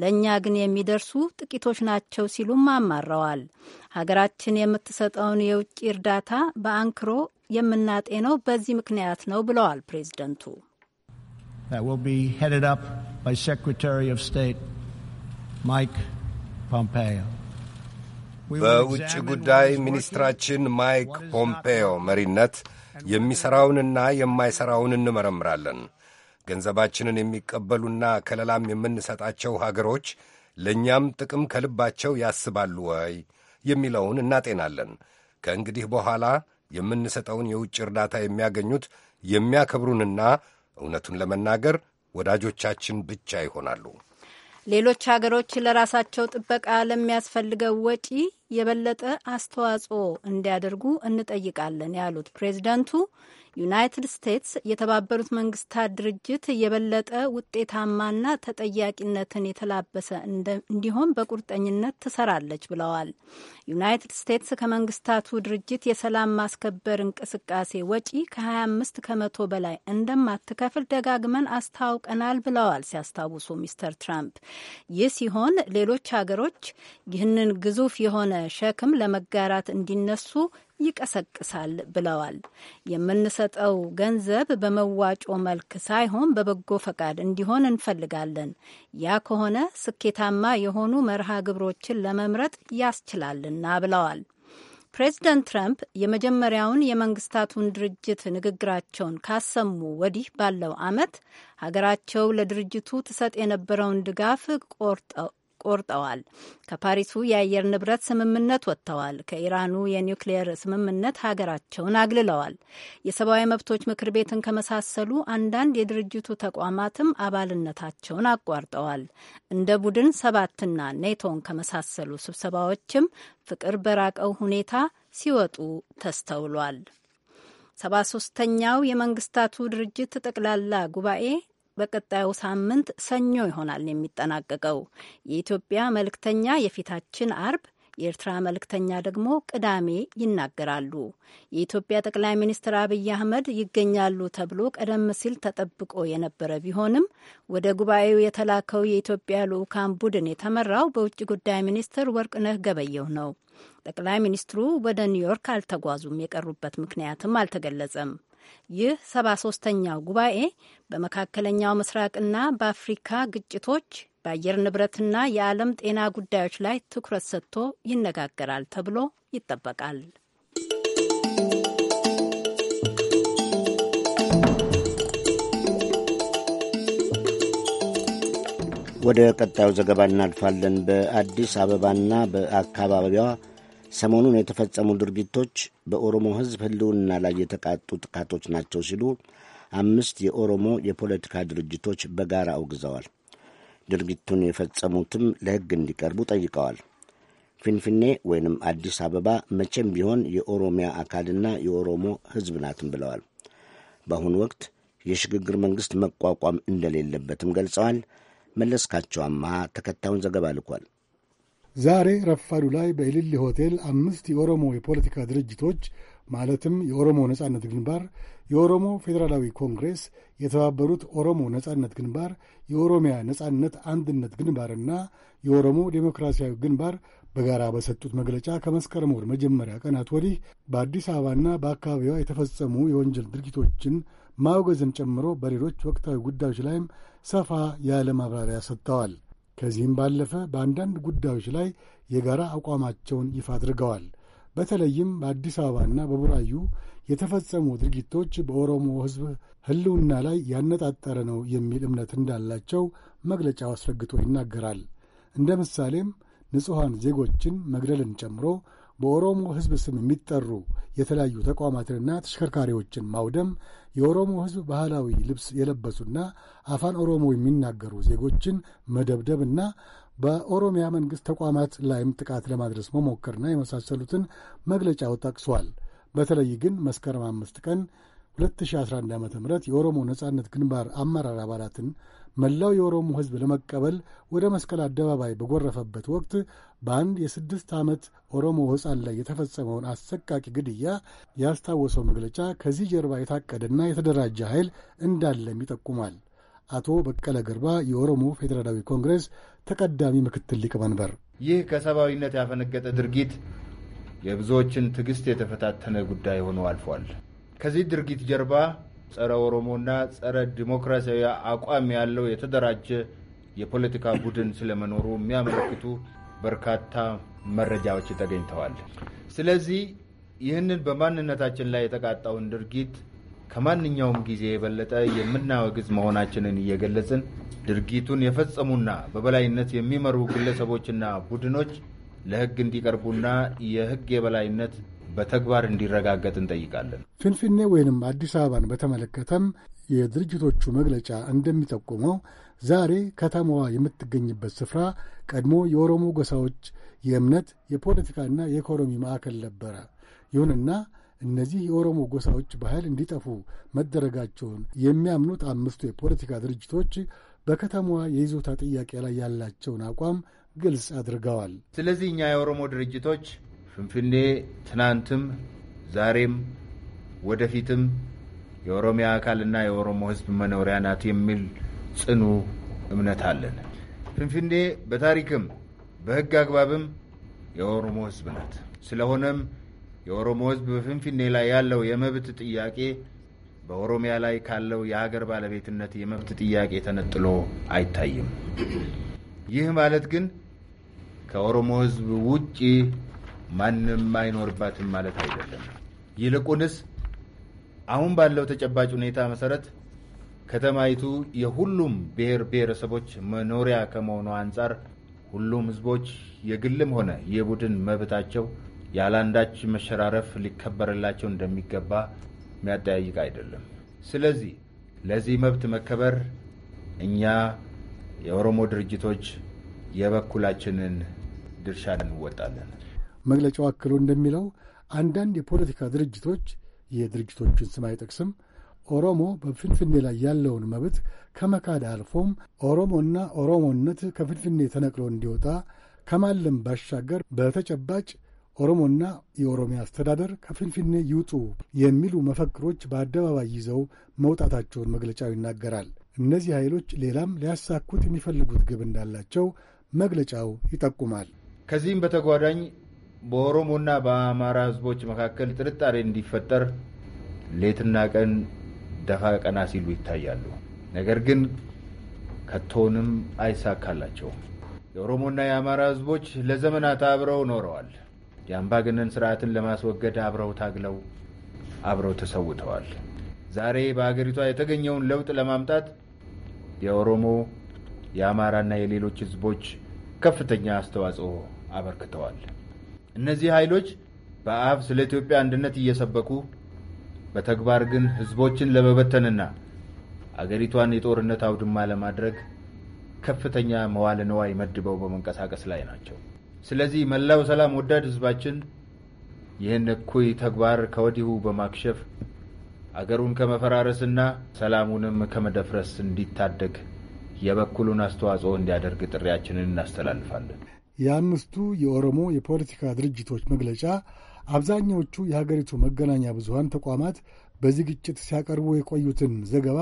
S8: ለእኛ ግን የሚደርሱ ጥቂቶች ናቸው ሲሉም አማረዋል። ሀገራችን የምትሰጠውን የውጭ እርዳታ በአንክሮ የምናጤነው በዚህ ምክንያት ነው ብለዋል ፕሬዚደንቱ።
S5: በውጭ ጉዳይ ሚኒስትራችን ማይክ ፖምፔዮ መሪነት የሚሠራውንና የማይሠራውን እንመረምራለን። ገንዘባችንን የሚቀበሉና ከለላም የምንሰጣቸው ሀገሮች ለእኛም ጥቅም ከልባቸው ያስባሉ ወይ የሚለውን እናጤናለን። ከእንግዲህ በኋላ የምንሰጠውን የውጭ እርዳታ የሚያገኙት የሚያከብሩንና እውነቱን ለመናገር ወዳጆቻችን ብቻ ይሆናሉ።
S8: ሌሎች ሀገሮች ለራሳቸው ጥበቃ ለሚያስፈልገው ወጪ የበለጠ አስተዋጽኦ እንዲያደርጉ እንጠይቃለን ያሉት ፕሬዚደንቱ ዩናይትድ ስቴትስ የተባበሩት መንግስታት ድርጅት የበለጠ ውጤታማና ተጠያቂነትን የተላበሰ እንዲሆን በቁርጠኝነት ትሰራለች ብለዋል። ዩናይትድ ስቴትስ ከመንግስታቱ ድርጅት የሰላም ማስከበር እንቅስቃሴ ወጪ ከ25 ከመቶ በላይ እንደማትከፍል ደጋግመን አስታውቀናል ብለዋል ሲያስታውሱ ሚስተር ትራምፕ ይህ ሲሆን ሌሎች ሀገሮች ይህንን ግዙፍ የሆነ ሸክም ለመጋራት እንዲነሱ ይቀሰቅሳል ብለዋል። የምንሰጠው ገንዘብ በመዋጮ መልክ ሳይሆን በበጎ ፈቃድ እንዲሆን እንፈልጋለን። ያ ከሆነ ስኬታማ የሆኑ መርሃ ግብሮችን ለመምረጥ ያስችላልና ብለዋል። ፕሬዚደንት ትራምፕ የመጀመሪያውን የመንግስታቱን ድርጅት ንግግራቸውን ካሰሙ ወዲህ ባለው ዓመት ሀገራቸው ለድርጅቱ ትሰጥ የነበረውን ድጋፍ ቆርጠዋል። ከፓሪሱ የአየር ንብረት ስምምነት ወጥተዋል። ከኢራኑ የኒውክሌየር ስምምነት ሀገራቸውን አግልለዋል። የሰብአዊ መብቶች ምክር ቤትን ከመሳሰሉ አንዳንድ የድርጅቱ ተቋማትም አባልነታቸውን አቋርጠዋል። እንደ ቡድን ሰባትና ኔቶን ከመሳሰሉ ስብሰባዎችም ፍቅር በራቀው ሁኔታ ሲወጡ ተስተውሏል። ሰባ ሶስተኛው የመንግስታቱ ድርጅት ጠቅላላ ጉባኤ በቀጣዩ ሳምንት ሰኞ ይሆናል የሚጠናቀቀው። የኢትዮጵያ መልእክተኛ የፊታችን አርብ የኤርትራ መልእክተኛ ደግሞ ቅዳሜ ይናገራሉ። የኢትዮጵያ ጠቅላይ ሚኒስትር አብይ አህመድ ይገኛሉ ተብሎ ቀደም ሲል ተጠብቆ የነበረ ቢሆንም ወደ ጉባኤው የተላከው የኢትዮጵያ ልዑካን ቡድን የተመራው በውጭ ጉዳይ ሚኒስትር ወርቅነህ ገበየሁ ነው። ጠቅላይ ሚኒስትሩ ወደ ኒውዮርክ አልተጓዙም። የቀሩበት ምክንያትም አልተገለጸም። ይህ ሰባ ሶስተኛው ጉባኤ በመካከለኛው ምስራቅና በአፍሪካ ግጭቶች በአየር ንብረትና የዓለም ጤና ጉዳዮች ላይ ትኩረት ሰጥቶ ይነጋገራል ተብሎ ይጠበቃል።
S1: ወደ ቀጣዩ ዘገባ እናልፋለን። በአዲስ አበባና በአካባቢዋ ሰሞኑን የተፈጸሙ ድርጊቶች በኦሮሞ ሕዝብ ህልውና ላይ የተቃጡ ጥቃቶች ናቸው ሲሉ አምስት የኦሮሞ የፖለቲካ ድርጅቶች በጋራ አውግዘዋል። ድርጊቱን የፈጸሙትም ለሕግ እንዲቀርቡ ጠይቀዋል። ፊንፊኔ ወይንም አዲስ አበባ መቼም ቢሆን የኦሮሚያ አካልና የኦሮሞ ሕዝብ ናትም ብለዋል። በአሁኑ ወቅት የሽግግር መንግሥት መቋቋም እንደሌለበትም ገልጸዋል። መለስካቸው አመሃ ተከታዩን ዘገባ ልኳል።
S6: ዛሬ ረፋዱ ላይ በኢልሊ ሆቴል አምስት የኦሮሞ የፖለቲካ ድርጅቶች ማለትም የኦሮሞ ነጻነት ግንባር፣ የኦሮሞ ፌዴራላዊ ኮንግሬስ፣ የተባበሩት ኦሮሞ ነጻነት ግንባር፣ የኦሮሚያ ነጻነት አንድነት ግንባርና የኦሮሞ ዴሞክራሲያዊ ግንባር በጋራ በሰጡት መግለጫ ከመስከረም ወር መጀመሪያ ቀናት ወዲህ በአዲስ አበባና በአካባቢዋ የተፈጸሙ የወንጀል ድርጊቶችን ማውገዝን ጨምሮ በሌሎች ወቅታዊ ጉዳዮች ላይም ሰፋ ያለ ማብራሪያ ሰጥተዋል። ከዚህም ባለፈ በአንዳንድ ጉዳዮች ላይ የጋራ አቋማቸውን ይፋ አድርገዋል። በተለይም በአዲስ አበባና በቡራዩ የተፈጸሙ ድርጊቶች በኦሮሞ ሕዝብ ሕልውና ላይ ያነጣጠረ ነው የሚል እምነት እንዳላቸው መግለጫው አስረግቶ ይናገራል። እንደ ምሳሌም ንጹሐን ዜጎችን መግደልን ጨምሮ በኦሮሞ ሕዝብ ስም የሚጠሩ የተለያዩ ተቋማትንና ተሽከርካሪዎችን ማውደም፣ የኦሮሞ ሕዝብ ባህላዊ ልብስ የለበሱና አፋን ኦሮሞ የሚናገሩ ዜጎችን መደብደብና በኦሮሚያ መንግሥት ተቋማት ላይም ጥቃት ለማድረስ መሞከርና የመሳሰሉትን መግለጫው ጠቅሷል። በተለይ ግን መስከረም አምስት ቀን 2011 ዓ ም የኦሮሞ ነጻነት ግንባር አመራር አባላትን መላው የኦሮሞ ሕዝብ ለመቀበል ወደ መስቀል አደባባይ በጎረፈበት ወቅት በአንድ የስድስት ዓመት ኦሮሞ ሕፃን ላይ የተፈጸመውን አሰቃቂ ግድያ ያስታወሰው መግለጫ ከዚህ ጀርባ የታቀደና የተደራጀ ኃይል እንዳለም ይጠቁማል። አቶ በቀለ ገርባ የኦሮሞ ፌዴራላዊ ኮንግሬስ ተቀዳሚ ምክትል ሊቀመንበር፣
S9: ይህ ከሰብአዊነት ያፈነገጠ ድርጊት የብዙዎችን ትዕግስት የተፈታተነ ጉዳይ ሆኖ አልፏል። ከዚህ ድርጊት ጀርባ ጸረ ኦሮሞና ጸረ ዲሞክራሲያዊ አቋም ያለው የተደራጀ የፖለቲካ ቡድን ስለመኖሩ የሚያመለክቱ በርካታ መረጃዎች ተገኝተዋል። ስለዚህ ይህንን በማንነታችን ላይ የተቃጣውን ድርጊት ከማንኛውም ጊዜ የበለጠ የምናወግዝ መሆናችንን እየገለጽን ድርጊቱን የፈጸሙና በበላይነት የሚመሩ ግለሰቦችና ቡድኖች ለሕግ እንዲቀርቡና የሕግ የበላይነት በተግባር እንዲረጋገጥ እንጠይቃለን።
S6: ፍንፍኔ ወይንም አዲስ አበባን በተመለከተም የድርጅቶቹ መግለጫ እንደሚጠቁመው ዛሬ ከተማዋ የምትገኝበት ስፍራ ቀድሞ የኦሮሞ ጎሳዎች የእምነት፣ የፖለቲካና የኢኮኖሚ ማዕከል ነበረ። ይሁንና እነዚህ የኦሮሞ ጎሳዎች በኃይል እንዲጠፉ መደረጋቸውን የሚያምኑት አምስቱ የፖለቲካ ድርጅቶች በከተማዋ የይዞታ ጥያቄ ላይ ያላቸውን አቋም ግልጽ አድርገዋል።
S9: ስለዚህ እኛ የኦሮሞ ድርጅቶች ፍንፍኔ ትናንትም ዛሬም ወደፊትም የኦሮሚያ አካልና የኦሮሞ ሕዝብ መኖሪያ ናት የሚል ጽኑ እምነት አለን። ፍንፍኔ በታሪክም በሕግ አግባብም የኦሮሞ ሕዝብ ናት። ስለሆነም የኦሮሞ ሕዝብ በፍንፍኔ ላይ ያለው የመብት ጥያቄ በኦሮሚያ ላይ ካለው የሀገር ባለቤትነት የመብት ጥያቄ ተነጥሎ አይታይም። ይህ ማለት ግን ከኦሮሞ ሕዝብ ውጪ ማንም አይኖርባትም ማለት አይደለም። ይልቁንስ አሁን ባለው ተጨባጭ ሁኔታ መሰረት ከተማይቱ የሁሉም ብሔር ብሔረሰቦች መኖሪያ ከመሆኑ አንጻር ሁሉም ሕዝቦች የግልም ሆነ የቡድን መብታቸው ያለአንዳች መሸራረፍ ሊከበርላቸው እንደሚገባ የሚያጠያይቅ አይደለም። ስለዚህ ለዚህ መብት መከበር እኛ የኦሮሞ ድርጅቶች የበኩላችንን ድርሻ እንወጣለን።
S6: መግለጫው አክሎ እንደሚለው አንዳንድ የፖለቲካ ድርጅቶች የድርጅቶቹን ስም አይጠቅስም ኦሮሞ በፍንፍኔ ላይ ያለውን መብት ከመካድ አልፎም ኦሮሞና ኦሮሞነት ከፍንፍኔ ተነቅሎ እንዲወጣ ከማለም ባሻገር በተጨባጭ ኦሮሞና የኦሮሚያ አስተዳደር ከፍንፍኔ ይውጡ የሚሉ መፈክሮች በአደባባይ ይዘው መውጣታቸውን መግለጫው ይናገራል። እነዚህ ኃይሎች ሌላም ሊያሳኩት የሚፈልጉት ግብ እንዳላቸው መግለጫው ይጠቁማል።
S9: ከዚህም በተጓዳኝ በኦሮሞና በአማራ ህዝቦች መካከል ጥርጣሬ እንዲፈጠር ሌትና ቀን ደፋ ቀና ሲሉ ይታያሉ። ነገር ግን ከቶንም አይሳካላቸውም። የኦሮሞና የአማራ ህዝቦች ለዘመናት አብረው ኖረዋል። የአምባገነን ስርዓትን ለማስወገድ አብረው ታግለው አብረው ተሰውተዋል። ዛሬ በአገሪቷ የተገኘውን ለውጥ ለማምጣት የኦሮሞ የአማራና የሌሎች ህዝቦች ከፍተኛ አስተዋጽኦ አበርክተዋል። እነዚህ ኃይሎች በአፍ ስለ ኢትዮጵያ አንድነት እየሰበኩ በተግባር ግን ህዝቦችን ለመበተንና አገሪቷን የጦርነት አውድማ ለማድረግ ከፍተኛ መዋለ ንዋይ መድበው በመንቀሳቀስ ላይ ናቸው። ስለዚህ መላው ሰላም ወዳድ ህዝባችን ይህን እኩይ ተግባር ከወዲሁ በማክሸፍ አገሩን ከመፈራረስና ሰላሙንም ከመደፍረስ እንዲታደግ የበኩሉን አስተዋጽኦ እንዲያደርግ ጥሪያችንን እናስተላልፋለን።
S6: የአምስቱ የኦሮሞ የፖለቲካ ድርጅቶች መግለጫ አብዛኛዎቹ የሀገሪቱ መገናኛ ብዙሀን ተቋማት በዚህ ግጭት ሲያቀርቡ የቆዩትን ዘገባ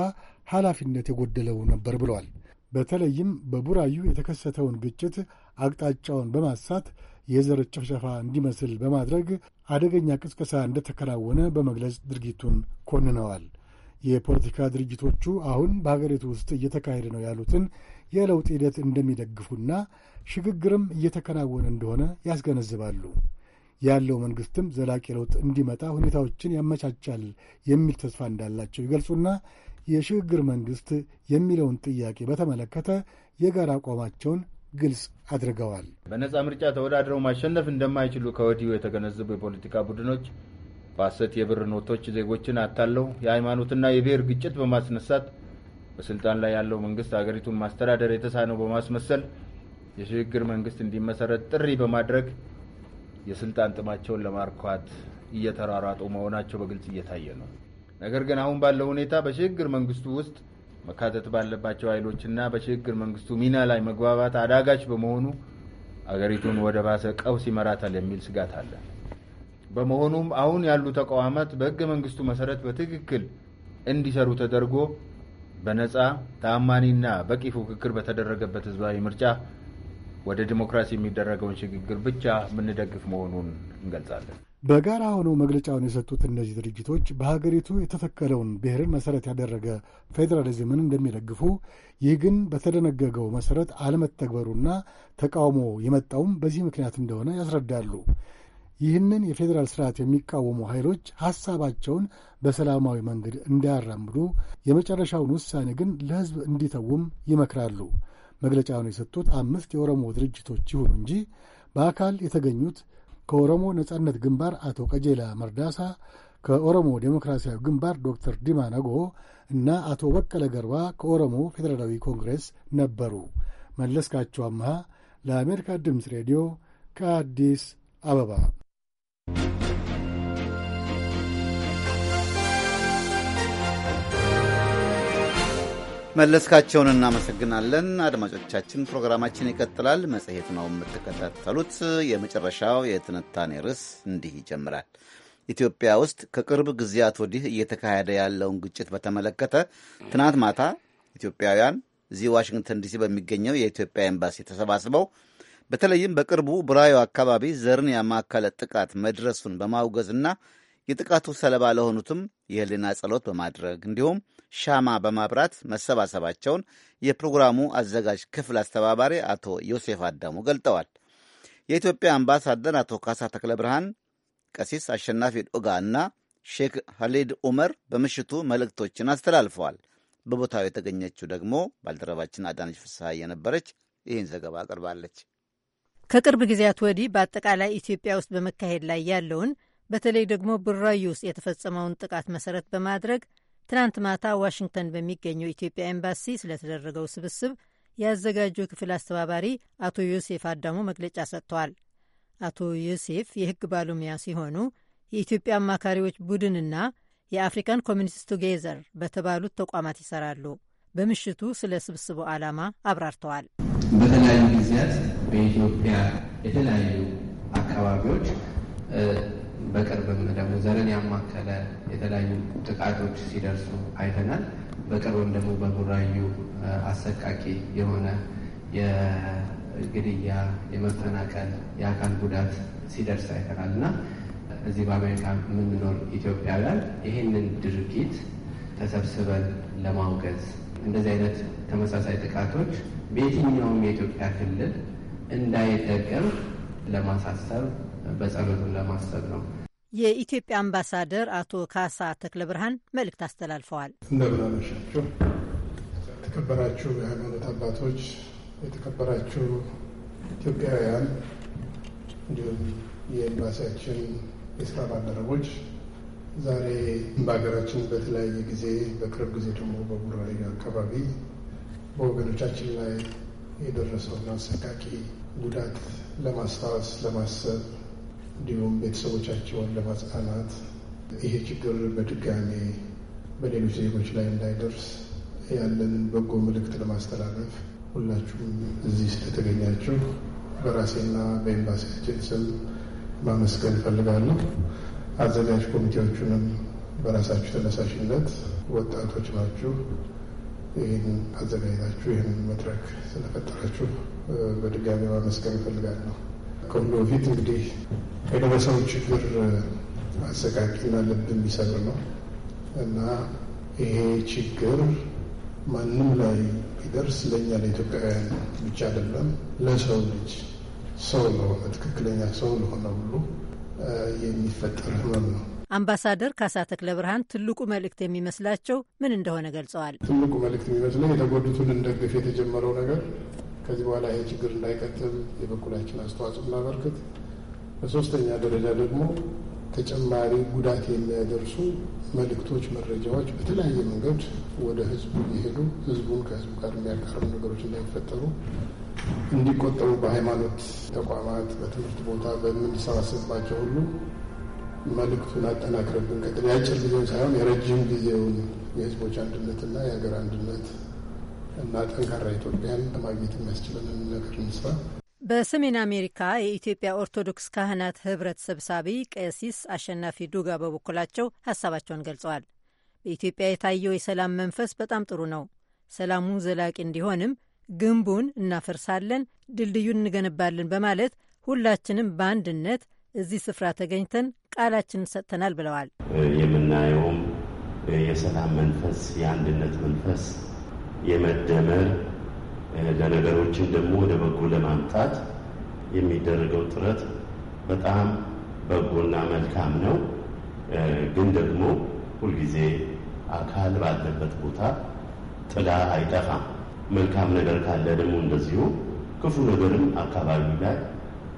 S6: ኃላፊነት የጎደለው ነበር ብለዋል። በተለይም በቡራዩ የተከሰተውን ግጭት አቅጣጫውን በማሳት የዘር ጭፍጨፋ እንዲመስል በማድረግ አደገኛ ቅስቀሳ እንደተከናወነ በመግለጽ ድርጊቱን ኮንነዋል። የፖለቲካ ድርጅቶቹ አሁን በሀገሪቱ ውስጥ እየተካሄደ ነው ያሉትን የለውጥ ሂደት እንደሚደግፉና ሽግግርም እየተከናወነ እንደሆነ ያስገነዝባሉ። ያለው መንግሥትም ዘላቂ ለውጥ እንዲመጣ ሁኔታዎችን ያመቻቻል የሚል ተስፋ እንዳላቸው ይገልጹና የሽግግር መንግሥት የሚለውን ጥያቄ በተመለከተ የጋራ አቋማቸውን ግልጽ አድርገዋል።
S9: በነጻ ምርጫ ተወዳድረው ማሸነፍ እንደማይችሉ ከወዲሁ የተገነዘቡ የፖለቲካ ቡድኖች በሐሰት የብር ኖቶች ዜጎችን አታለው የሃይማኖትና የብሔር ግጭት በማስነሳት በስልጣን ላይ ያለው መንግሥት አገሪቱን ማስተዳደር የተሳነው በማስመሰል የሽግግር መንግስት እንዲመሰረት ጥሪ በማድረግ የስልጣን ጥማቸውን ለማርኳት እየተራራጡ መሆናቸው በግልጽ እየታየ ነው። ነገር ግን አሁን ባለው ሁኔታ በሽግግር መንግስቱ ውስጥ መካተት ባለባቸው ኃይሎችና በሽግግር መንግስቱ ሚና ላይ መግባባት አዳጋች በመሆኑ አገሪቱን ወደ ባሰ ቀውስ ይመራታል የሚል ስጋት አለ። በመሆኑም አሁን ያሉ ተቋማት በህገ መንግስቱ መሰረት በትክክል እንዲሰሩ ተደርጎ በነፃ ተአማኒና በቂ ፉክክር በተደረገበት ህዝባዊ ምርጫ ወደ ዲሞክራሲ የሚደረገውን ሽግግር ብቻ የምንደግፍ መሆኑን እንገልጻለን።
S6: በጋራ ሆነው መግለጫውን የሰጡት እነዚህ ድርጅቶች በሀገሪቱ የተተከለውን ብሔርን መሰረት ያደረገ ፌዴራሊዝምን እንደሚደግፉ፣ ይህ ግን በተደነገገው መሰረት አለመተግበሩና ተቃውሞ የመጣውም በዚህ ምክንያት እንደሆነ ያስረዳሉ። ይህንን የፌዴራል ስርዓት የሚቃወሙ ኃይሎች ሐሳባቸውን በሰላማዊ መንገድ እንዳያራምዱ፣ የመጨረሻውን ውሳኔ ግን ለሕዝብ እንዲተውም ይመክራሉ። መግለጫውን የሰጡት አምስት የኦሮሞ ድርጅቶች ይሁኑ እንጂ በአካል የተገኙት ከኦሮሞ ነጻነት ግንባር አቶ ቀጀላ መርዳሳ፣ ከኦሮሞ ዴሞክራሲያዊ ግንባር ዶክተር ዲማ ነጎ እና አቶ በቀለ ገርባ ከኦሮሞ ፌዴራላዊ ኮንግሬስ ነበሩ። መለስካቸው አምሃ ለአሜሪካ ድምፅ ሬዲዮ ከአዲስ አበባ
S2: መለስካቸውን እናመሰግናለን። አድማጮቻችን፣ ፕሮግራማችን ይቀጥላል። መጽሔት ነው የምትከታተሉት። የመጨረሻው የትንታኔ ርዕስ እንዲህ ይጀምራል። ኢትዮጵያ ውስጥ ከቅርብ ጊዜያት ወዲህ እየተካሄደ ያለውን ግጭት በተመለከተ ትናንት ማታ ኢትዮጵያውያን እዚህ ዋሽንግተን ዲሲ በሚገኘው የኢትዮጵያ ኤምባሲ ተሰባስበው በተለይም በቅርቡ ብራዮ አካባቢ ዘርን ያማከለ ጥቃት መድረሱን በማውገዝና የጥቃቱ ሰለባ ለሆኑትም የህሊና ጸሎት በማድረግ እንዲሁም ሻማ በማብራት መሰባሰባቸውን የፕሮግራሙ አዘጋጅ ክፍል አስተባባሪ አቶ ዮሴፍ አዳሙ ገልጠዋል። የኢትዮጵያ አምባሳደር አቶ ካሳ ተክለ ብርሃን፣ ቀሲስ አሸናፊ ዶጋ እና ሼክ ሀሊድ ኡመር በምሽቱ መልእክቶችን አስተላልፈዋል። በቦታው የተገኘችው ደግሞ ባልደረባችን አዳነች ፍስሐ የነበረች ይህን ዘገባ አቅርባለች።
S10: ከቅርብ ጊዜያት ወዲህ በአጠቃላይ ኢትዮጵያ ውስጥ በመካሄድ ላይ ያለውን በተለይ ደግሞ ብራዩ ውስጥ የተፈጸመውን ጥቃት መሰረት በማድረግ ትናንት ማታ ዋሽንግተን በሚገኘው ኢትዮጵያ ኤምባሲ ስለተደረገው ስብስብ ያዘጋጀው ክፍል አስተባባሪ አቶ ዮሴፍ አዳሙ መግለጫ ሰጥተዋል። አቶ ዮሴፍ የሕግ ባለሙያ ሲሆኑ የኢትዮጵያ አማካሪዎች ቡድንና የአፍሪካን ኮሚኒስት ቱጌዘር በተባሉት ተቋማት ይሰራሉ። በምሽቱ ስለ ስብስቡ ዓላማ አብራርተዋል።
S11: በተለያዩ ጊዜያት በኢትዮጵያ የተለያዩ አካባቢዎች በቅርብም ደግሞ ዘርን ያማከለ የተለያዩ ጥቃቶች ሲደርሱ አይተናል። በቅርብም ደግሞ በቡራዩ አሰቃቂ የሆነ የግድያ፣ የመፈናቀል፣ የአካል ጉዳት ሲደርስ አይተናል እና እዚህ በአሜሪካ የምንኖር ኢትዮጵያውያን ይህንን ድርጊት ተሰብስበን ለማውገዝ እንደዚህ አይነት ተመሳሳይ ጥቃቶች በየትኛውም የኢትዮጵያ ክልል እንዳይደገም ለማሳሰብ በጸሎቱን ለማሰብ ነው።
S10: የኢትዮጵያ አምባሳደር አቶ ካሳ ተክለ ብርሃን መልእክት አስተላልፈዋል።
S12: እንደምናመሻችሁ የተከበራችሁ የሃይማኖት አባቶች፣ የተከበራችሁ ኢትዮጵያውያን እንዲሁም የኤምባሲያችን የስራ ባልደረቦች ዛሬ በሀገራችን በተለያየ ጊዜ በቅርብ ጊዜ ደግሞ በጉራሌ አካባቢ በወገኖቻችን ላይ የደረሰውን አሰቃቂ ጉዳት ለማስታወስ ለማሰብ እንዲሁም ቤተሰቦቻቸውን ለማጽናናት ይሄ ችግር በድጋሜ በሌሎች ዜጎች ላይ እንዳይደርስ ያለንን በጎ መልእክት ለማስተላለፍ ሁላችሁም እዚህ ስለተገኛችሁ በራሴና በኤምባሲያችን ስም ማመስገን እፈልጋለሁ። አዘጋጅ ኮሚቴዎቹንም በራሳችሁ ተነሳሽነት ወጣቶች ናችሁ ይህን አዘጋጅታችሁ ይህንን መድረክ ስለፈጠራችሁ በድጋሚ ማመስገን እፈልጋለሁ። ከሁሉ በፊት እንግዲህ የደረሰው ችግር አሰቃቂና ልብ የሚሰብር ነው እና ይሄ ችግር ማንም ላይ ቢደርስ ለእኛ ለኢትዮጵያውያን ብቻ አይደለም፣ ለሰው ልጅ ሰው ለሆነ ትክክለኛ ሰው ለሆነ ሁሉ የሚፈጠር ህመም ነው።
S10: አምባሳደር ካሳ ተክለ ብርሃን ትልቁ መልእክት የሚመስላቸው ምን እንደሆነ ገልጸዋል።
S12: ትልቁ መልእክት የሚመስለኝ የተጎዱትን እንደግፍ የተጀመረው ነገር ከዚህ በኋላ ይሄ ችግር እንዳይቀጥል የበኩላችን አስተዋጽኦ እናበርክት። በሶስተኛ ደረጃ ደግሞ ተጨማሪ ጉዳት የሚያደርሱ መልእክቶች፣ መረጃዎች በተለያየ መንገድ ወደ ህዝቡ እየሄዱ ህዝቡን ከህዝቡ ጋር የሚያቀርቡ ነገሮች እንዳይፈጠሩ
S6: እንዲቆጠሩ በሃይማኖት
S12: ተቋማት፣ በትምህርት ቦታ በምንሰባሰብባቸው ሁሉ መልእክቱን አጠናክረብን ቀጥል። የአጭር ጊዜውን ሳይሆን የረጅም ጊዜውን የህዝቦች አንድነትና የሀገር አንድነት እና ጠንካራ ኢትዮጵያን ለማግኘት የሚያስችለንን ነገር እንስራ።
S10: በሰሜን አሜሪካ የኢትዮጵያ ኦርቶዶክስ ካህናት ህብረት ሰብሳቢ ቀሲስ አሸናፊ ዱጋ በበኩላቸው ሀሳባቸውን ገልጸዋል። በኢትዮጵያ የታየው የሰላም መንፈስ በጣም ጥሩ ነው። ሰላሙ ዘላቂ እንዲሆንም ግንቡን እናፈርሳለን፣ ድልድዩን እንገነባለን በማለት ሁላችንም በአንድነት እዚህ ስፍራ ተገኝተን ቃላችንን ሰጥተናል ብለዋል።
S3: የምናየውም የሰላም መንፈስ የአንድነት መንፈስ የመደመር ለነገሮችን ደግሞ ወደ በጎ ለማምጣት የሚደረገው ጥረት በጣም በጎና መልካም ነው። ግን ደግሞ ሁልጊዜ አካል ባለበት ቦታ ጥላ አይጠፋም። መልካም ነገር ካለ ደግሞ እንደዚሁ ክፉ ነገርም አካባቢ ላይ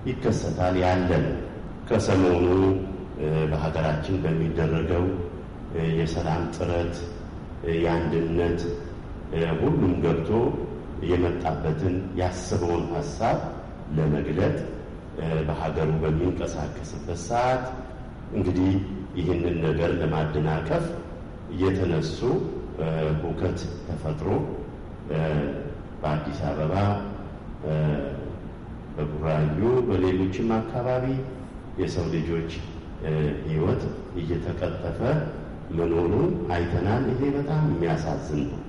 S3: ይከሰታል ያለን ከሰሞኑ በሀገራችን በሚደረገው የሰላም ጥረት የአንድነት ሁሉም ገብቶ የመጣበትን ያሰበውን ሀሳብ ለመግለጥ በሀገሩ በሚንቀሳቀስበት ሰዓት እንግዲህ ይህንን ነገር ለማደናቀፍ እየተነሱ ሁከት ተፈጥሮ በአዲስ አበባ፣ በቡራዩ፣ በሌሎችም አካባቢ የሰው ልጆች ህይወት እየተቀጠፈ መኖሩን አይተናል። ይሄ በጣም የሚያሳዝን ነው።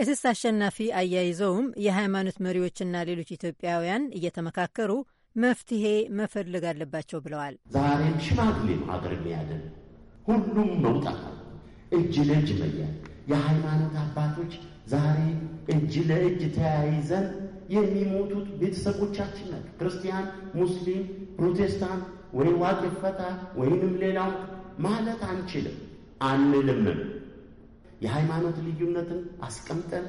S10: ቀሲስ አሸናፊ አያይዘውም የሃይማኖት መሪዎችና ሌሎች ኢትዮጵያውያን እየተመካከሩ መፍትሄ መፈለግ አለባቸው ብለዋል።
S3: ዛሬም ሽማግሌ ነው ሀገር የሚያድን
S10: ሁሉም መውጣት እጅ ለእጅ መያ የሃይማኖት አባቶች
S3: ዛሬ እጅ ለእጅ ተያይዘን የሚሞቱት ቤተሰቦቻችን ናቸው። ክርስቲያን፣ ሙስሊም፣ ፕሮቴስታንት ወይም ዋቄ ወይንም ሌላው ማለት አንችልም አንልምም። የሃይማኖት ልዩነትን አስቀምጠን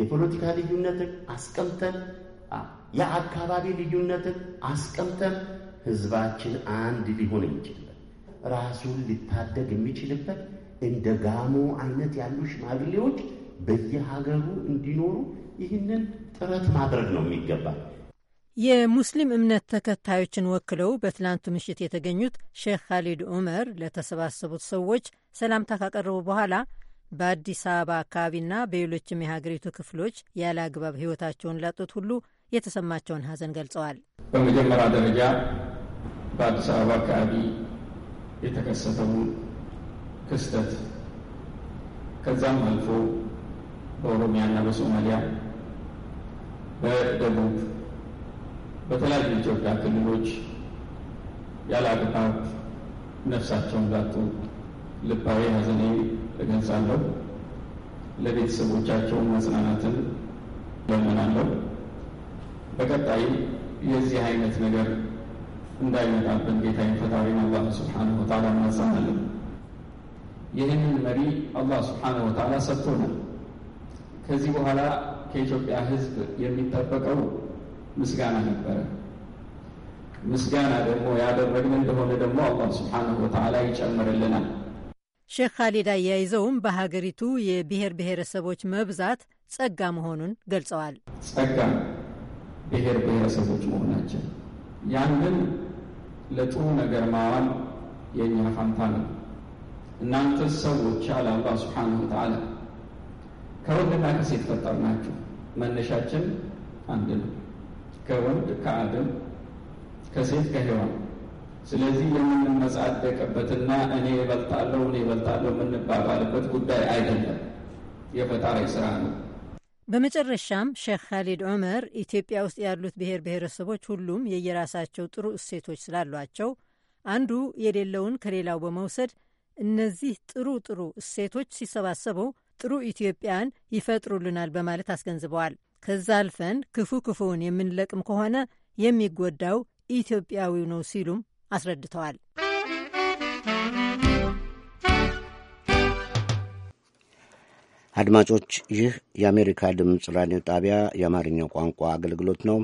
S3: የፖለቲካ ልዩነትን አስቀምጠን የአካባቢ ልዩነትን አስቀምጠን ህዝባችን አንድ ሊሆን የሚችልበት ራሱን ሊታደግ የሚችልበት እንደ ጋሞ አይነት ያሉ ሽማግሌዎች በየሀገሩ እንዲኖሩ ይህንን ጥረት ማድረግ ነው የሚገባ።
S10: የሙስሊም እምነት ተከታዮችን ወክለው በትላንቱ ምሽት የተገኙት ሼክ ካሊድ ዑመር ለተሰባሰቡት ሰዎች ሰላምታ ካቀረቡ በኋላ በአዲስ አበባ አካባቢና በሌሎችም የሀገሪቱ ክፍሎች ያለ አግባብ ህይወታቸውን ላጡት ሁሉ የተሰማቸውን ሀዘን ገልጸዋል። በመጀመሪያ ደረጃ
S13: በአዲስ አበባ አካባቢ የተከሰተውን ክስተት ከዛም አልፎ በኦሮሚያና በሶማሊያ በደቡብ በተለያዩ የኢትዮጵያ ክልሎች ያለ አግባብ ነፍሳቸውን ላጡ ልባዊ ሀዘኔ። እገልጻለሁ። ለቤተሰቦቻቸው መጽናናትን ለመናለሁ። በቀጣይ የዚህ አይነት ነገር እንዳይመጣብን ጌታዬን ፈጣሪን አላህ ስብሓነሁ ወተዓላ እናጽናለን። ይህንን መሪ አላህ ስብሓነሁ ወተዓላ ሰጥቶናል። ከዚህ በኋላ ከኢትዮጵያ ሕዝብ የሚጠበቀው ምስጋና ነበረ። ምስጋና ደግሞ ያደረግን እንደሆነ ደግሞ አላህ ስብሓነሁ ወተዓላ ይጨምርልናል።
S10: ሼክ ካሊድ አያይዘውም በሀገሪቱ የብሔር ብሔረሰቦች መብዛት ጸጋ መሆኑን ገልጸዋል።
S13: ጸጋ ብሔር ብሔረሰቦች መሆናቸው ያንን ለጥሩ ነገር ማዋል የእኛ ፋንታ ነው። እናንተ ሰዎች አለ አላህ ሱብሓነሁ ወተዓላ ከወንድና ከሴት ናቸው መነሻችን አንድ ነው። ከወንድ ከአደም ከሴት ከሔዋን ስለዚህ የምንመጻደቅበትና እኔ እበልጣለሁ እኔ እበልጣለሁ የምንባባልበት ጉዳይ አይደለም፣ የፈጣሪ ስራ ነው።
S10: በመጨረሻም ሼክ ካሊድ ዑመር ኢትዮጵያ ውስጥ ያሉት ብሔር ብሔረሰቦች ሁሉም የየራሳቸው ጥሩ እሴቶች ስላሏቸው አንዱ የሌለውን ከሌላው በመውሰድ እነዚህ ጥሩ ጥሩ እሴቶች ሲሰባሰቡ ጥሩ ኢትዮጵያን ይፈጥሩልናል በማለት አስገንዝበዋል። ከዛ አልፈን ክፉ ክፉውን የምንለቅም ከሆነ የሚጎዳው ኢትዮጵያዊው ነው ሲሉም አስረድተዋል።
S1: አድማጮች፣ ይህ የአሜሪካ ድምፅ ራዲዮ ጣቢያ የአማርኛው ቋንቋ አገልግሎት ነው።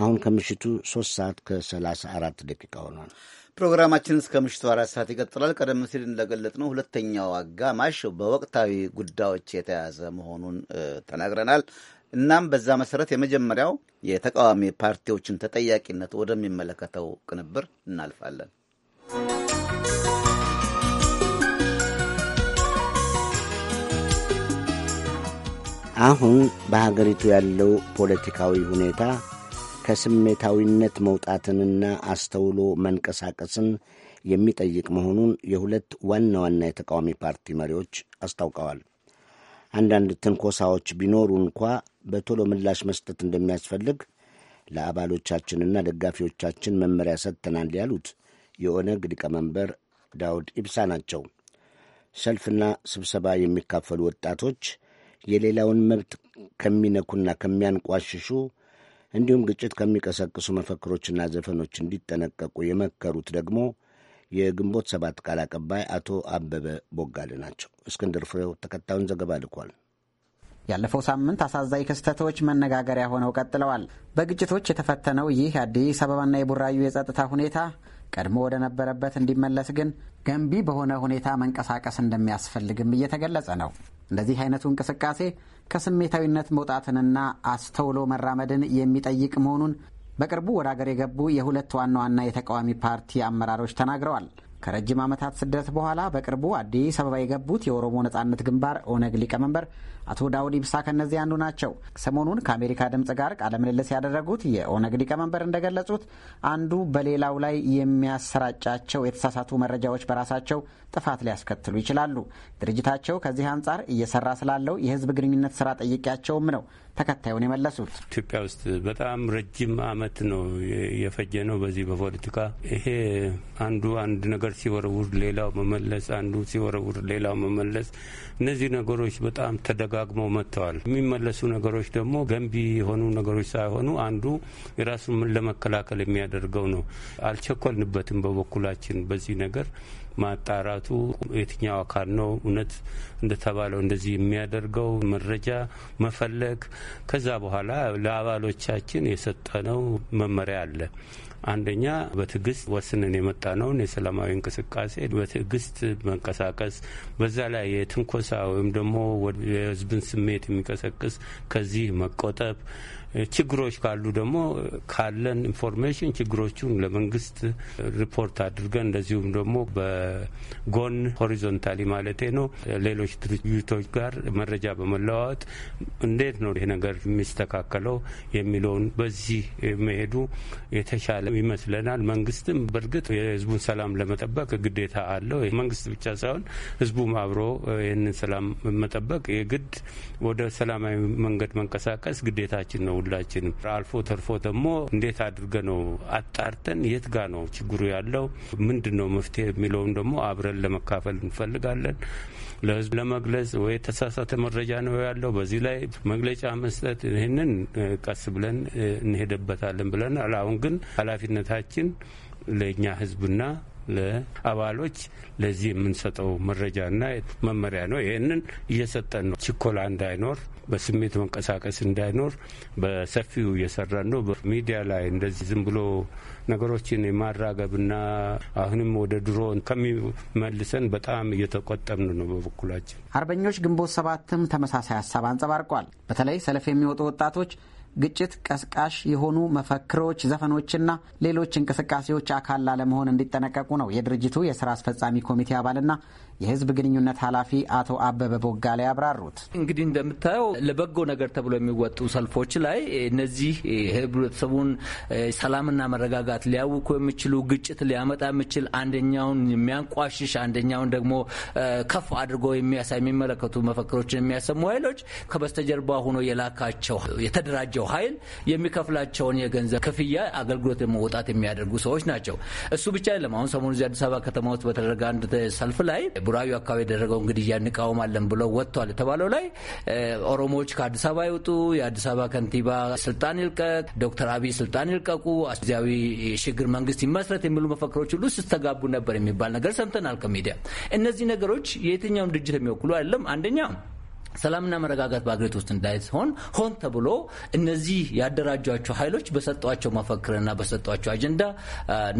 S1: አሁን ከምሽቱ ሶስት ሰዓት ከሰላሳ አራት ደቂቃ ሆኗል።
S2: ፕሮግራማችን እስከ ምሽቱ አራት ሰዓት ይቀጥላል። ቀደም ሲል ነው። ሁለተኛው አጋማሽ በወቅታዊ ጉዳዮች የተያዘ መሆኑን ተናግረናል። እናም በዛ መሰረት የመጀመሪያው የተቃዋሚ ፓርቲዎችን ተጠያቂነት ወደሚመለከተው ቅንብር እናልፋለን።
S1: አሁን በሀገሪቱ ያለው ፖለቲካዊ ሁኔታ ከስሜታዊነት መውጣትንና አስተውሎ መንቀሳቀስን የሚጠይቅ መሆኑን የሁለት ዋና ዋና የተቃዋሚ ፓርቲ መሪዎች አስታውቀዋል። አንዳንድ ትንኮሳዎች ቢኖሩ እንኳ በቶሎ ምላሽ መስጠት እንደሚያስፈልግ ለአባሎቻችንና ደጋፊዎቻችን መመሪያ ሰጥተናል ያሉት የኦነግ ሊቀመንበር ዳውድ ኢብሳ ናቸው። ሰልፍና ስብሰባ የሚካፈሉ ወጣቶች የሌላውን መብት ከሚነኩና ከሚያንቋሽሹ እንዲሁም ግጭት ከሚቀሰቅሱ መፈክሮችና ዘፈኖች እንዲጠነቀቁ የመከሩት ደግሞ የግንቦት ሰባት ቃል አቀባይ አቶ አበበ ቦጋለ ናቸው። እስክንድር ፍሬው ተከታዩን ዘገባ ልኳል።
S14: ያለፈው ሳምንት አሳዛኝ ክስተቶች መነጋገሪያ ሆነው ቀጥለዋል። በግጭቶች የተፈተነው ይህ የአዲስ አበባና የቡራዩ የጸጥታ ሁኔታ ቀድሞ ወደ ነበረበት እንዲመለስ ግን ገንቢ በሆነ ሁኔታ መንቀሳቀስ እንደሚያስፈልግም እየተገለጸ ነው። እንደዚህ አይነቱ እንቅስቃሴ ከስሜታዊነት መውጣትንና አስተውሎ መራመድን የሚጠይቅ መሆኑን በቅርቡ ወደ አገር የገቡ የሁለት ዋና ዋና የተቃዋሚ ፓርቲ አመራሮች ተናግረዋል። ከረጅም ዓመታት ስደት በኋላ በቅርቡ አዲስ አበባ የገቡት የኦሮሞ ነጻነት ግንባር ኦነግ ሊቀመንበር አቶ ዳውድ ኢብሳ ከእነዚህ አንዱ ናቸው። ሰሞኑን ከአሜሪካ ድምፅ ጋር ቃለ ምልልስ ያደረጉት የኦነግ ሊቀመንበር እንደገለጹት አንዱ በሌላው ላይ የሚያሰራጫቸው የተሳሳቱ መረጃዎች በራሳቸው ጥፋት ሊያስከትሉ ይችላሉ። ድርጅታቸው ከዚህ አንጻር እየሰራ ስላለው የህዝብ ግንኙነት ስራ ጠይቄያቸውም ነው ተከታዩን የመለሱት።
S4: ኢትዮጵያ ውስጥ በጣም ረጅም አመት ነው የፈጀ ነው በዚህ በፖለቲካ ይሄ አንዱ አንድ ነገር ሲወረውር ሌላው መመለስ፣ አንዱ ሲወረውር ሌላው መመለስ፣ እነዚህ ነገሮች በጣም ተደ ተደጋግመው መጥተዋል። የሚመለሱ ነገሮች ደግሞ ገንቢ የሆኑ ነገሮች ሳይሆኑ አንዱ የራሱን ምን ለመከላከል የሚያደርገው ነው። አልቸኮልንበትም። በበኩላችን በዚህ ነገር ማጣራቱ የትኛው አካል ነው እውነት እንደተባለው እንደዚህ የሚያደርገው መረጃ መፈለግ ከዛ በኋላ ለአባሎቻችን የሰጠነው መመሪያ አለ አንደኛ በትዕግስት ወስንን የመጣነውን የሰላማዊ እንቅስቃሴ በትዕግስት መንቀሳቀስ፣ በዛ ላይ የትንኮሳ ወይም ደግሞ የህዝብን ስሜት የሚቀሰቅስ ከዚህ መቆጠብ ችግሮች ካሉ ደግሞ ካለን ኢንፎርሜሽን ችግሮቹን ለመንግስት ሪፖርት አድርገን እንደዚሁም ደግሞ በጎን ሆሪዞንታሊ ማለቴ ነው ሌሎች ድርጅቶች ጋር መረጃ በመለዋወጥ እንዴት ነው ይሄ ነገር የሚስተካከለው የሚለውን በዚህ መሄዱ የተሻለ ይመስለናል። መንግስትም በእርግጥ የህዝቡን ሰላም ለመጠበቅ ግዴታ አለው። መንግስት ብቻ ሳይሆን ህዝቡም አብሮ ይህንን ሰላም መጠበቅ የግድ ወደ ሰላማዊ መንገድ መንቀሳቀስ ግዴታችን ነው። ሁላችንም። አልፎ ተርፎ ደግሞ እንዴት አድርገ ነው አጣርተን የት ጋ ነው ችግሩ ያለው ምንድን ነው መፍትሄ የሚለውን ደግሞ አብረን ለመካፈል እንፈልጋለን። ለህዝብ ለመግለጽ ወይ የተሳሳተ መረጃ ነው ያለው በዚህ ላይ መግለጫ መስጠት ይህንን ቀስ ብለን እንሄደበታለን ብለናል። አሁን ግን ኃላፊነታችን ለእኛ ህዝብና ለአባሎች ለዚህ የምንሰጠው መረጃና መመሪያ ነው። ይህንን እየሰጠን ነው። ችኮላ እንዳይኖር በስሜት መንቀሳቀስ እንዳይኖር በሰፊው እየሰራን ነው። በሚዲያ ላይ እንደዚህ ዝም ብሎ ነገሮችን የማራገብና አሁንም ወደ ድሮ ከሚመልሰን በጣም እየተቆጠብን ነው። በበኩላችን
S14: አርበኞች ግንቦት ሰባትም ተመሳሳይ ሀሳብ አንጸባርቋል። በተለይ ሰልፍ የሚወጡ ወጣቶች ግጭት ቀስቃሽ የሆኑ መፈክሮች፣ ዘፈኖችና ሌሎች እንቅስቃሴዎች አካል ላለመሆን እንዲጠነቀቁ ነው የድርጅቱ የስራ አስፈጻሚ ኮሚቴ አባልና የህዝብ ግንኙነት ኃላፊ አቶ አበበ ቦጋላ ያብራሩት
S7: እንግዲህ እንደምታየው ለበጎ ነገር ተብሎ የሚወጡ ሰልፎች ላይ እነዚህ ህብረተሰቡን ሰላምና መረጋጋት ሊያውኩ የሚችሉ ግጭት ሊያመጣ የሚችል አንደኛውን የሚያንቋሽሽ አንደኛውን ደግሞ ከፍ አድርጎ የሚያሳይ የሚመለከቱ መፈክሮችን የሚያሰሙ ኃይሎች ከበስተጀርባ ሆኖ የላካቸው የተደራጀው ኃይል የሚከፍላቸውን የገንዘብ ክፍያ አገልግሎት መውጣት የሚያደርጉ ሰዎች ናቸው። እሱ ብቻ አይደለም። አሁን ሰሞኑ እዚህ አዲስ አበባ ከተማ ውስጥ በተደረገ አንድ ሰልፍ ላይ ቡራዩ አካባቢ የደረገውን ግድያ እንቃወማለን ብለው ወጥቷል የተባለው ላይ ኦሮሞዎች ከአዲስ አበባ ይውጡ፣ የአዲስ አበባ ከንቲባ ስልጣን ይልቀቅ፣ ዶክተር አብይ ስልጣን ይልቀቁ፣ ጊዜያዊ ሽግግር መንግስት ይመስረት የሚሉ መፈክሮች ሁሉ ሲስተጋቡ ነበር የሚባል ነገር ሰምተናል ከሚዲያ። እነዚህ ነገሮች የትኛውን ድርጅት የሚወክሉ አይደለም አንደኛ ሰላምና መረጋጋት በአገሪቱ ውስጥ እንዳይሆን ሆን ተብሎ እነዚህ ያደራጇቸው ኃይሎች በሰጧቸው መፈክርና በሰጧቸው አጀንዳ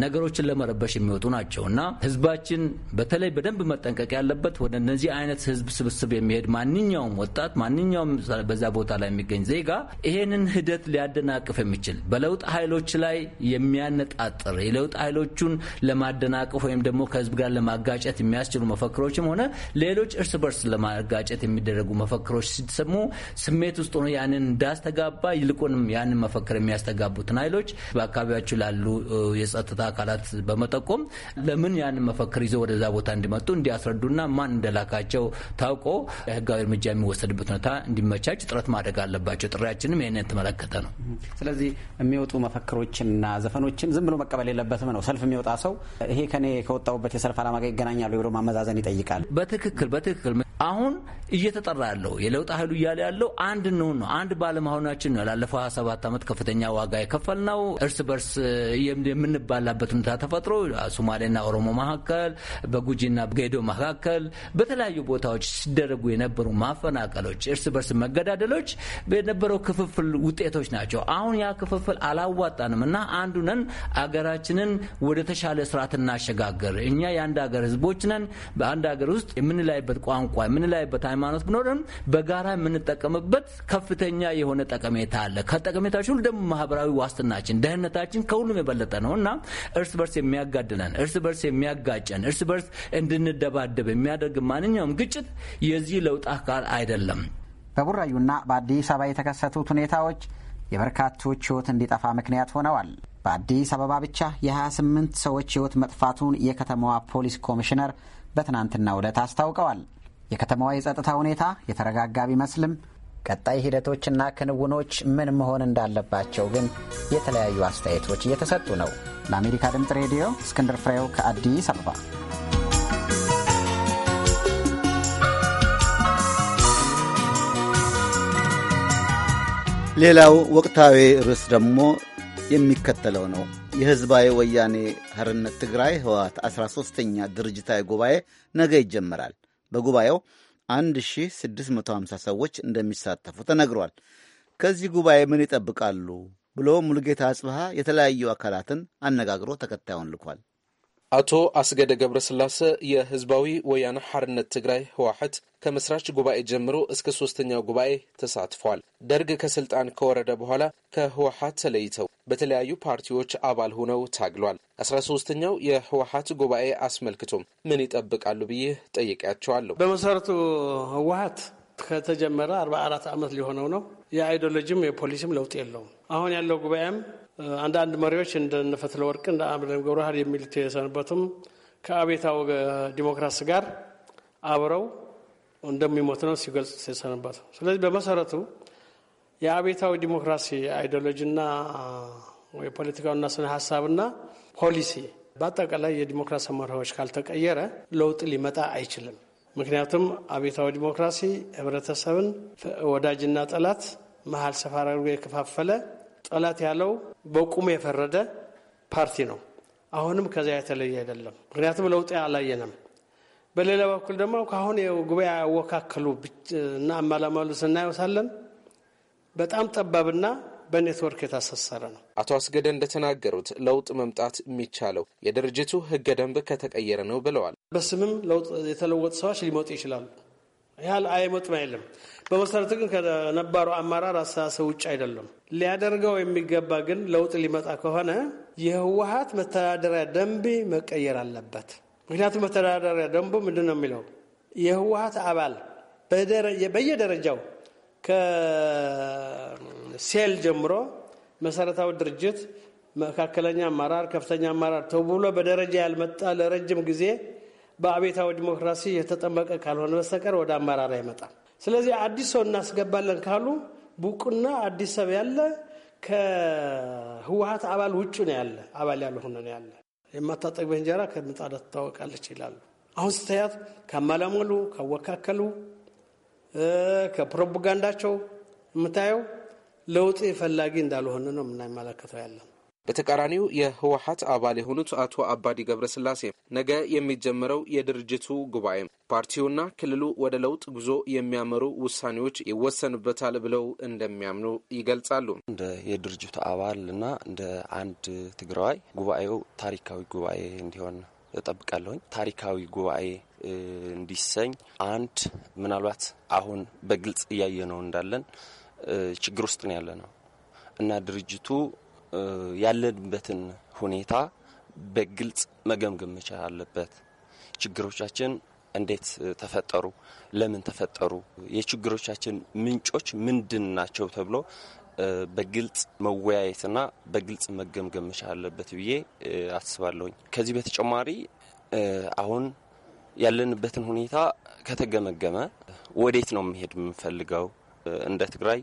S7: ነገሮችን ለመረበሽ የሚወጡ ናቸው እና ህዝባችን በተለይ በደንብ መጠንቀቅ ያለበት ወደ እነዚህ አይነት ህዝብ ስብስብ የሚሄድ ማንኛውም ወጣት፣ ማንኛውም በዛ ቦታ ላይ የሚገኝ ዜጋ ይሄንን ሂደት ሊያደናቅፍ የሚችል በለውጥ ኃይሎች ላይ የሚያነጣጥር የለውጥ ኃይሎቹን ለማደናቅፍ ወይም ደግሞ ከህዝብ ጋር ለማጋጨት የሚያስችሉ መፈክሮችም ሆነ ሌሎች እርስ በርስ ለማጋጨት የሚደረጉ መፈክሮች ሲሰሙ ስሜት ውስጥ ሆኖ ያንን እንዳስተጋባ ይልቁንም ያንን መፈክር የሚያስተጋቡትን ኃይሎች በአካባቢያቸው ላሉ የጸጥታ አካላት በመጠቆም ለምን ያንን መፈክር ይዘው ወደዛ ቦታ እንዲመጡ እንዲያስረዱና ማን እንደላካቸው ታውቆ ህጋዊ እርምጃ የሚወሰድበት ሁኔታ እንዲመቻች ጥረት ማድረግ አለባቸው። ጥሪያችንም ይህን የተመለከተ
S14: ነው። ስለዚህ የሚወጡ መፈክሮችንና ዘፈኖችን ዝም ብሎ መቀበል የለበትም ነው። ሰልፍ የሚወጣ ሰው ይሄ ከኔ ከወጣሁበት የሰልፍ ዓላማ ጋር ይገናኛሉ ብሎ ማመዛዘን ይጠይቃል።
S7: በትክክል በትክክል አሁን እየተጠራ ያለው የለውጥ ኃይሉ እያለ ያለው አንድ እንሁን ነው። አንድ ባለመሆናችን ነው ላለፈው 27 ዓመት ከፍተኛ ዋጋ የከፈልነው። እርስ በርስ የምንባላበት ሁኔታ ተፈጥሮ ሶማሌና ኦሮሞ መካከል፣ በጉጂና ጌዶ መካከል በተለያዩ ቦታዎች ሲደረጉ የነበሩ ማፈናቀሎች፣ እርስ በርስ መገዳደሎች የነበረው ክፍፍል ውጤቶች ናቸው። አሁን ያ ክፍፍል አላዋጣንም እና አንዱ ነን አገራችንን ወደ ተሻለ ስርዓት እናሸጋገር። እኛ የአንድ ሀገር ህዝቦች ነን። በአንድ ሀገር ውስጥ የምንለያይበት ቋንቋ የምንለያይበት ሃይማኖት ብኖርን በጋራ የምንጠቀምበት ከፍተኛ የሆነ ጠቀሜታ አለ። ከጠቀሜታዎች ሁሉ ደግሞ ማህበራዊ ዋስትናችን፣ ደህንነታችን ከሁሉም የበለጠ ነው እና እርስ በርስ የሚያጋድለን፣ እርስ በርስ የሚያጋጨን፣ እርስ በርስ እንድንደባደብ የሚያደርግ ማንኛውም ግጭት የዚህ ለውጥ አካል አይደለም።
S14: በቡራዩና በአዲስ አበባ የተከሰቱት ሁኔታዎች የበርካቶች ህይወት እንዲጠፋ ምክንያት ሆነዋል። በአዲስ አበባ ብቻ የ28 ሰዎች ህይወት መጥፋቱን የከተማዋ ፖሊስ ኮሚሽነር በትናንትናው ዕለት አስታውቀዋል። የከተማዋ የጸጥታ ሁኔታ የተረጋጋ ቢመስልም ቀጣይ ሂደቶችና ክንውኖች ምን መሆን እንዳለባቸው ግን የተለያዩ አስተያየቶች እየተሰጡ ነው። ለአሜሪካ ድምፅ ሬዲዮ እስክንድር ፍሬው ከአዲስ አበባ። ሌላው ወቅታዊ
S2: ርዕስ ደግሞ የሚከተለው ነው። የህዝባዊ ወያኔ ሓርነት ትግራይ ህወሓት 13 ተኛ ድርጅታዊ ጉባኤ ነገ ይጀመራል። በጉባኤው 1650 ሰዎች እንደሚሳተፉ ተነግሯል። ከዚህ ጉባኤ ምን ይጠብቃሉ ብሎ ሙልጌታ አጽብሃ
S11: የተለያዩ አካላትን አነጋግሮ ተከታዩን ልኳል። አቶ አስገደ ገብረስላሴ የህዝባዊ ወያነ ሐርነት ትግራይ ህወሓት ከመስራች ጉባኤ ጀምሮ እስከ ሶስተኛው ጉባኤ ተሳትፏል። ደርግ ከስልጣን ከወረደ በኋላ ከህወሓት ተለይተው በተለያዩ ፓርቲዎች አባል ሆነው ታግሏል። አስራ ሶስተኛው የህወሓት ጉባኤ አስመልክቶም ምን ይጠብቃሉ ብዬ ጠይቄያቸዋለሁ።
S15: በመሰረቱ ህወሓት ከተጀመረ አርባ አራት ዓመት ሊሆነው ነው። የአይዲዮሎጂም የፖሊሲም ለውጥ የለውም። አሁን ያለው ጉባኤም አንዳንድ መሪዎች እንደነ ወርቅ እንደ አምደም ገብረሃድ የሚሉት የሰነበቱም ከአቤታው ዲሞክራሲ ጋር አብረው እንደሚሞት ነው ሲገልጽ የሰነበቱ። ስለዚህ በመሰረቱ የአቤታዊ ዲሞክራሲ አይዲዮሎጂና የፖለቲካውና ስነ ሀሳብና ፖሊሲ በአጠቃላይ የዲሞክራሲ መርሆች ካልተቀየረ ለውጥ ሊመጣ አይችልም። ምክንያቱም አቤታዊ ዲሞክራሲ ህብረተሰብን ወዳጅና ጠላት መሀል ሰፋ አድርጎ የከፋፈለ ጠላት ያለው በቁም የፈረደ ፓርቲ ነው። አሁንም ከዚያ የተለየ አይደለም። ምክንያቱም ለውጥ አላየንም። በሌላ በኩል ደግሞ ከአሁን ጉባኤ ያወካከሉ እና አመላመሉ ስናየውሳለን በጣም ጠባብና በኔትወርክ የታሰሰረ ነው።
S11: አቶ አስገደ እንደተናገሩት ለውጥ መምጣት የሚቻለው የድርጅቱ ህገ ደንብ ከተቀየረ ነው ብለዋል።
S15: በስምም ለውጥ የተለወጡ ሰዎች ሊመጡ ይችላሉ። ያህል አይመጡም አይልም። በመሰረቱ ግን ከነባሩ አመራር አስተሳሰብ ውጭ አይደለም። ሊያደርገው የሚገባ ግን ለውጥ ሊመጣ ከሆነ የህወሀት መተዳደሪያ ደንብ መቀየር አለበት። ምክንያቱም መተዳደሪያ ደንቡ ምንድን ነው የሚለው የህወሀት አባል በየደረጃው ከሴል ጀምሮ መሰረታዊ ድርጅት፣ መካከለኛ አመራር፣ ከፍተኛ አመራር ተብሎ በደረጃ ያልመጣ ለረጅም ጊዜ በአቤታዊ ዲሞክራሲ የተጠመቀ ካልሆነ በስተቀር ወደ አመራር አይመጣም። ስለዚህ አዲስ ሰው እናስገባለን ካሉ ቡቁና አዲስ አበባ ያለ ከህወሀት አባል ውጭ ነው ያለ አባል ያልሆነ ነው ያለ። የማታጠግበህ እንጀራ ከምጣዷ ትታወቃለች ይላሉ። አሁን ስተያት ከአማላሞሉ ከወካከሉ ከፕሮፓጋንዳቸው የምታየው ለውጥ ፈላጊ እንዳልሆነ ነው የምናመለክተው ያለን
S11: በተቃራኒው የህወሀት አባል የሆኑት አቶ አባዲ ገብረስላሴ ነገ የሚጀምረው የድርጅቱ ጉባኤ ፓርቲውና ክልሉ ወደ ለውጥ ጉዞ የሚያመሩ ውሳኔዎች ይወሰኑበታል ብለው እንደሚያምኑ ይገልጻሉ። እንደ
S16: የድርጅቱ አባልና እንደ አንድ ትግራዋይ ጉባኤው ታሪካዊ ጉባኤ እንዲሆን እጠብቃለሁኝ። ታሪካዊ ጉባኤ እንዲሰኝ አንድ ምናልባት አሁን በግልጽ እያየ ነው እንዳለን ችግር ውስጥ ነው ያለ ነው እና ድርጅቱ ያለንበትን ሁኔታ በግልጽ መገምገም መቻል አለበት። ችግሮቻችን እንዴት ተፈጠሩ? ለምን ተፈጠሩ? የችግሮቻችን ምንጮች ምንድን ናቸው? ተብሎ በግልጽ መወያየትና በግልጽ መገምገም መቻል አለበት ብዬ አስባለሁኝ። ከዚህ በተጨማሪ አሁን ያለንበትን ሁኔታ ከተገመገመ ወዴት ነው መሄድ የምንፈልገው እንደ ትግራይ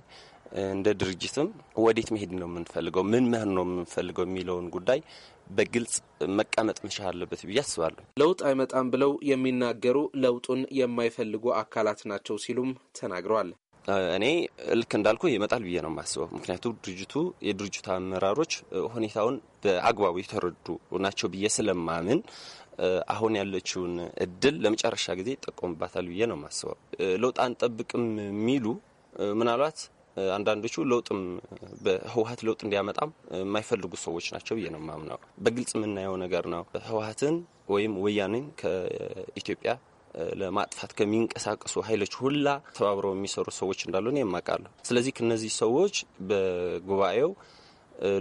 S16: እንደ ድርጅትም ወዴት መሄድ ነው የምንፈልገው፣ ምን መሆን ነው የምንፈልገው የሚለውን ጉዳይ በግልጽ መቀመጥ መቻል አለበት ብዬ አስባለሁ።
S11: ለውጥ አይመጣም ብለው የሚናገሩ ለውጡን የማይፈልጉ አካላት ናቸው ሲሉም ተናግረዋል።
S16: እኔ ልክ እንዳልኩ ይመጣል ብዬ ነው የማስበው። ምክንያቱም ድርጅቱ የድርጅቱ አመራሮች ሁኔታውን በአግባቡ የተረዱ ናቸው ብዬ ስለማምን አሁን ያለችውን እድል ለመጨረሻ ጊዜ ይጠቀሙባታል ብዬ ነው የማስበው። ለውጥ አንጠብቅም የሚሉ ምናልባት አንዳንዶቹ ለውጥም በህወሀት ለውጥ እንዲያመጣም የማይፈልጉ ሰዎች ናቸው ብዬ ነው ማምነው። በግልጽ የምናየው ነገር ነው። ህወሀትን ወይም ወያኔን ከኢትዮጵያ ለማጥፋት ከሚንቀሳቀሱ ኃይሎች ሁላ ተባብረው የሚሰሩ ሰዎች እንዳሉ እኔ የማውቃለሁ። ስለዚህ ከነዚህ ሰዎች በጉባኤው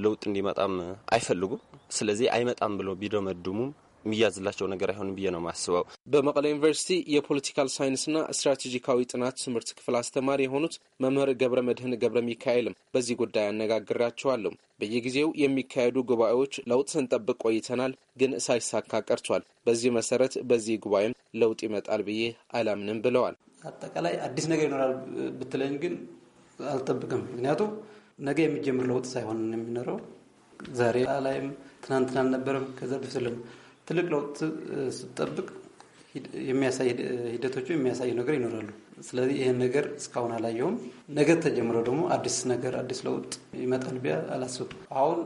S16: ለውጥ እንዲመጣም አይፈልጉም። ስለዚህ አይመጣም ብለው ቢደመድሙም
S11: የሚያዝላቸው ነገር አይሆንም ብዬ ነው የማስበው። በመቀለ ዩኒቨርሲቲ የፖለቲካል ሳይንስና ስትራቴጂካዊ ጥናት ትምህርት ክፍል አስተማሪ የሆኑት መምህር ገብረ መድህን ገብረ ሚካኤልም በዚህ ጉዳይ አነጋግራቸዋለሁ። በየጊዜው የሚካሄዱ ጉባኤዎች ለውጥ ስንጠብቅ ቆይተናል፣ ግን ሳይሳካ ቀርቷል። በዚህ መሰረት በዚህ ጉባኤም ለውጥ ይመጣል ብዬ አላምንም ብለዋል።
S16: አጠቃላይ
S17: አዲስ ነገር ይኖራል ብትለኝ ግን አልጠብቅም። ምክንያቱም ነገ የሚጀምር ለውጥ ሳይሆን የሚኖረው ዛሬ ላይም ትናንትና አልነበረም ከዛ ትልቅ ለውጥ ስትጠብቅ የሚያሳይ ሂደቶቹ የሚያሳይ ነገር ይኖራሉ። ስለዚህ ይህን ነገር እስካሁን አላየውም። ነገር ተጀምረው ደግሞ አዲስ ነገር አዲስ ለውጥ ይመጣል ቢያ አላስብ። አሁን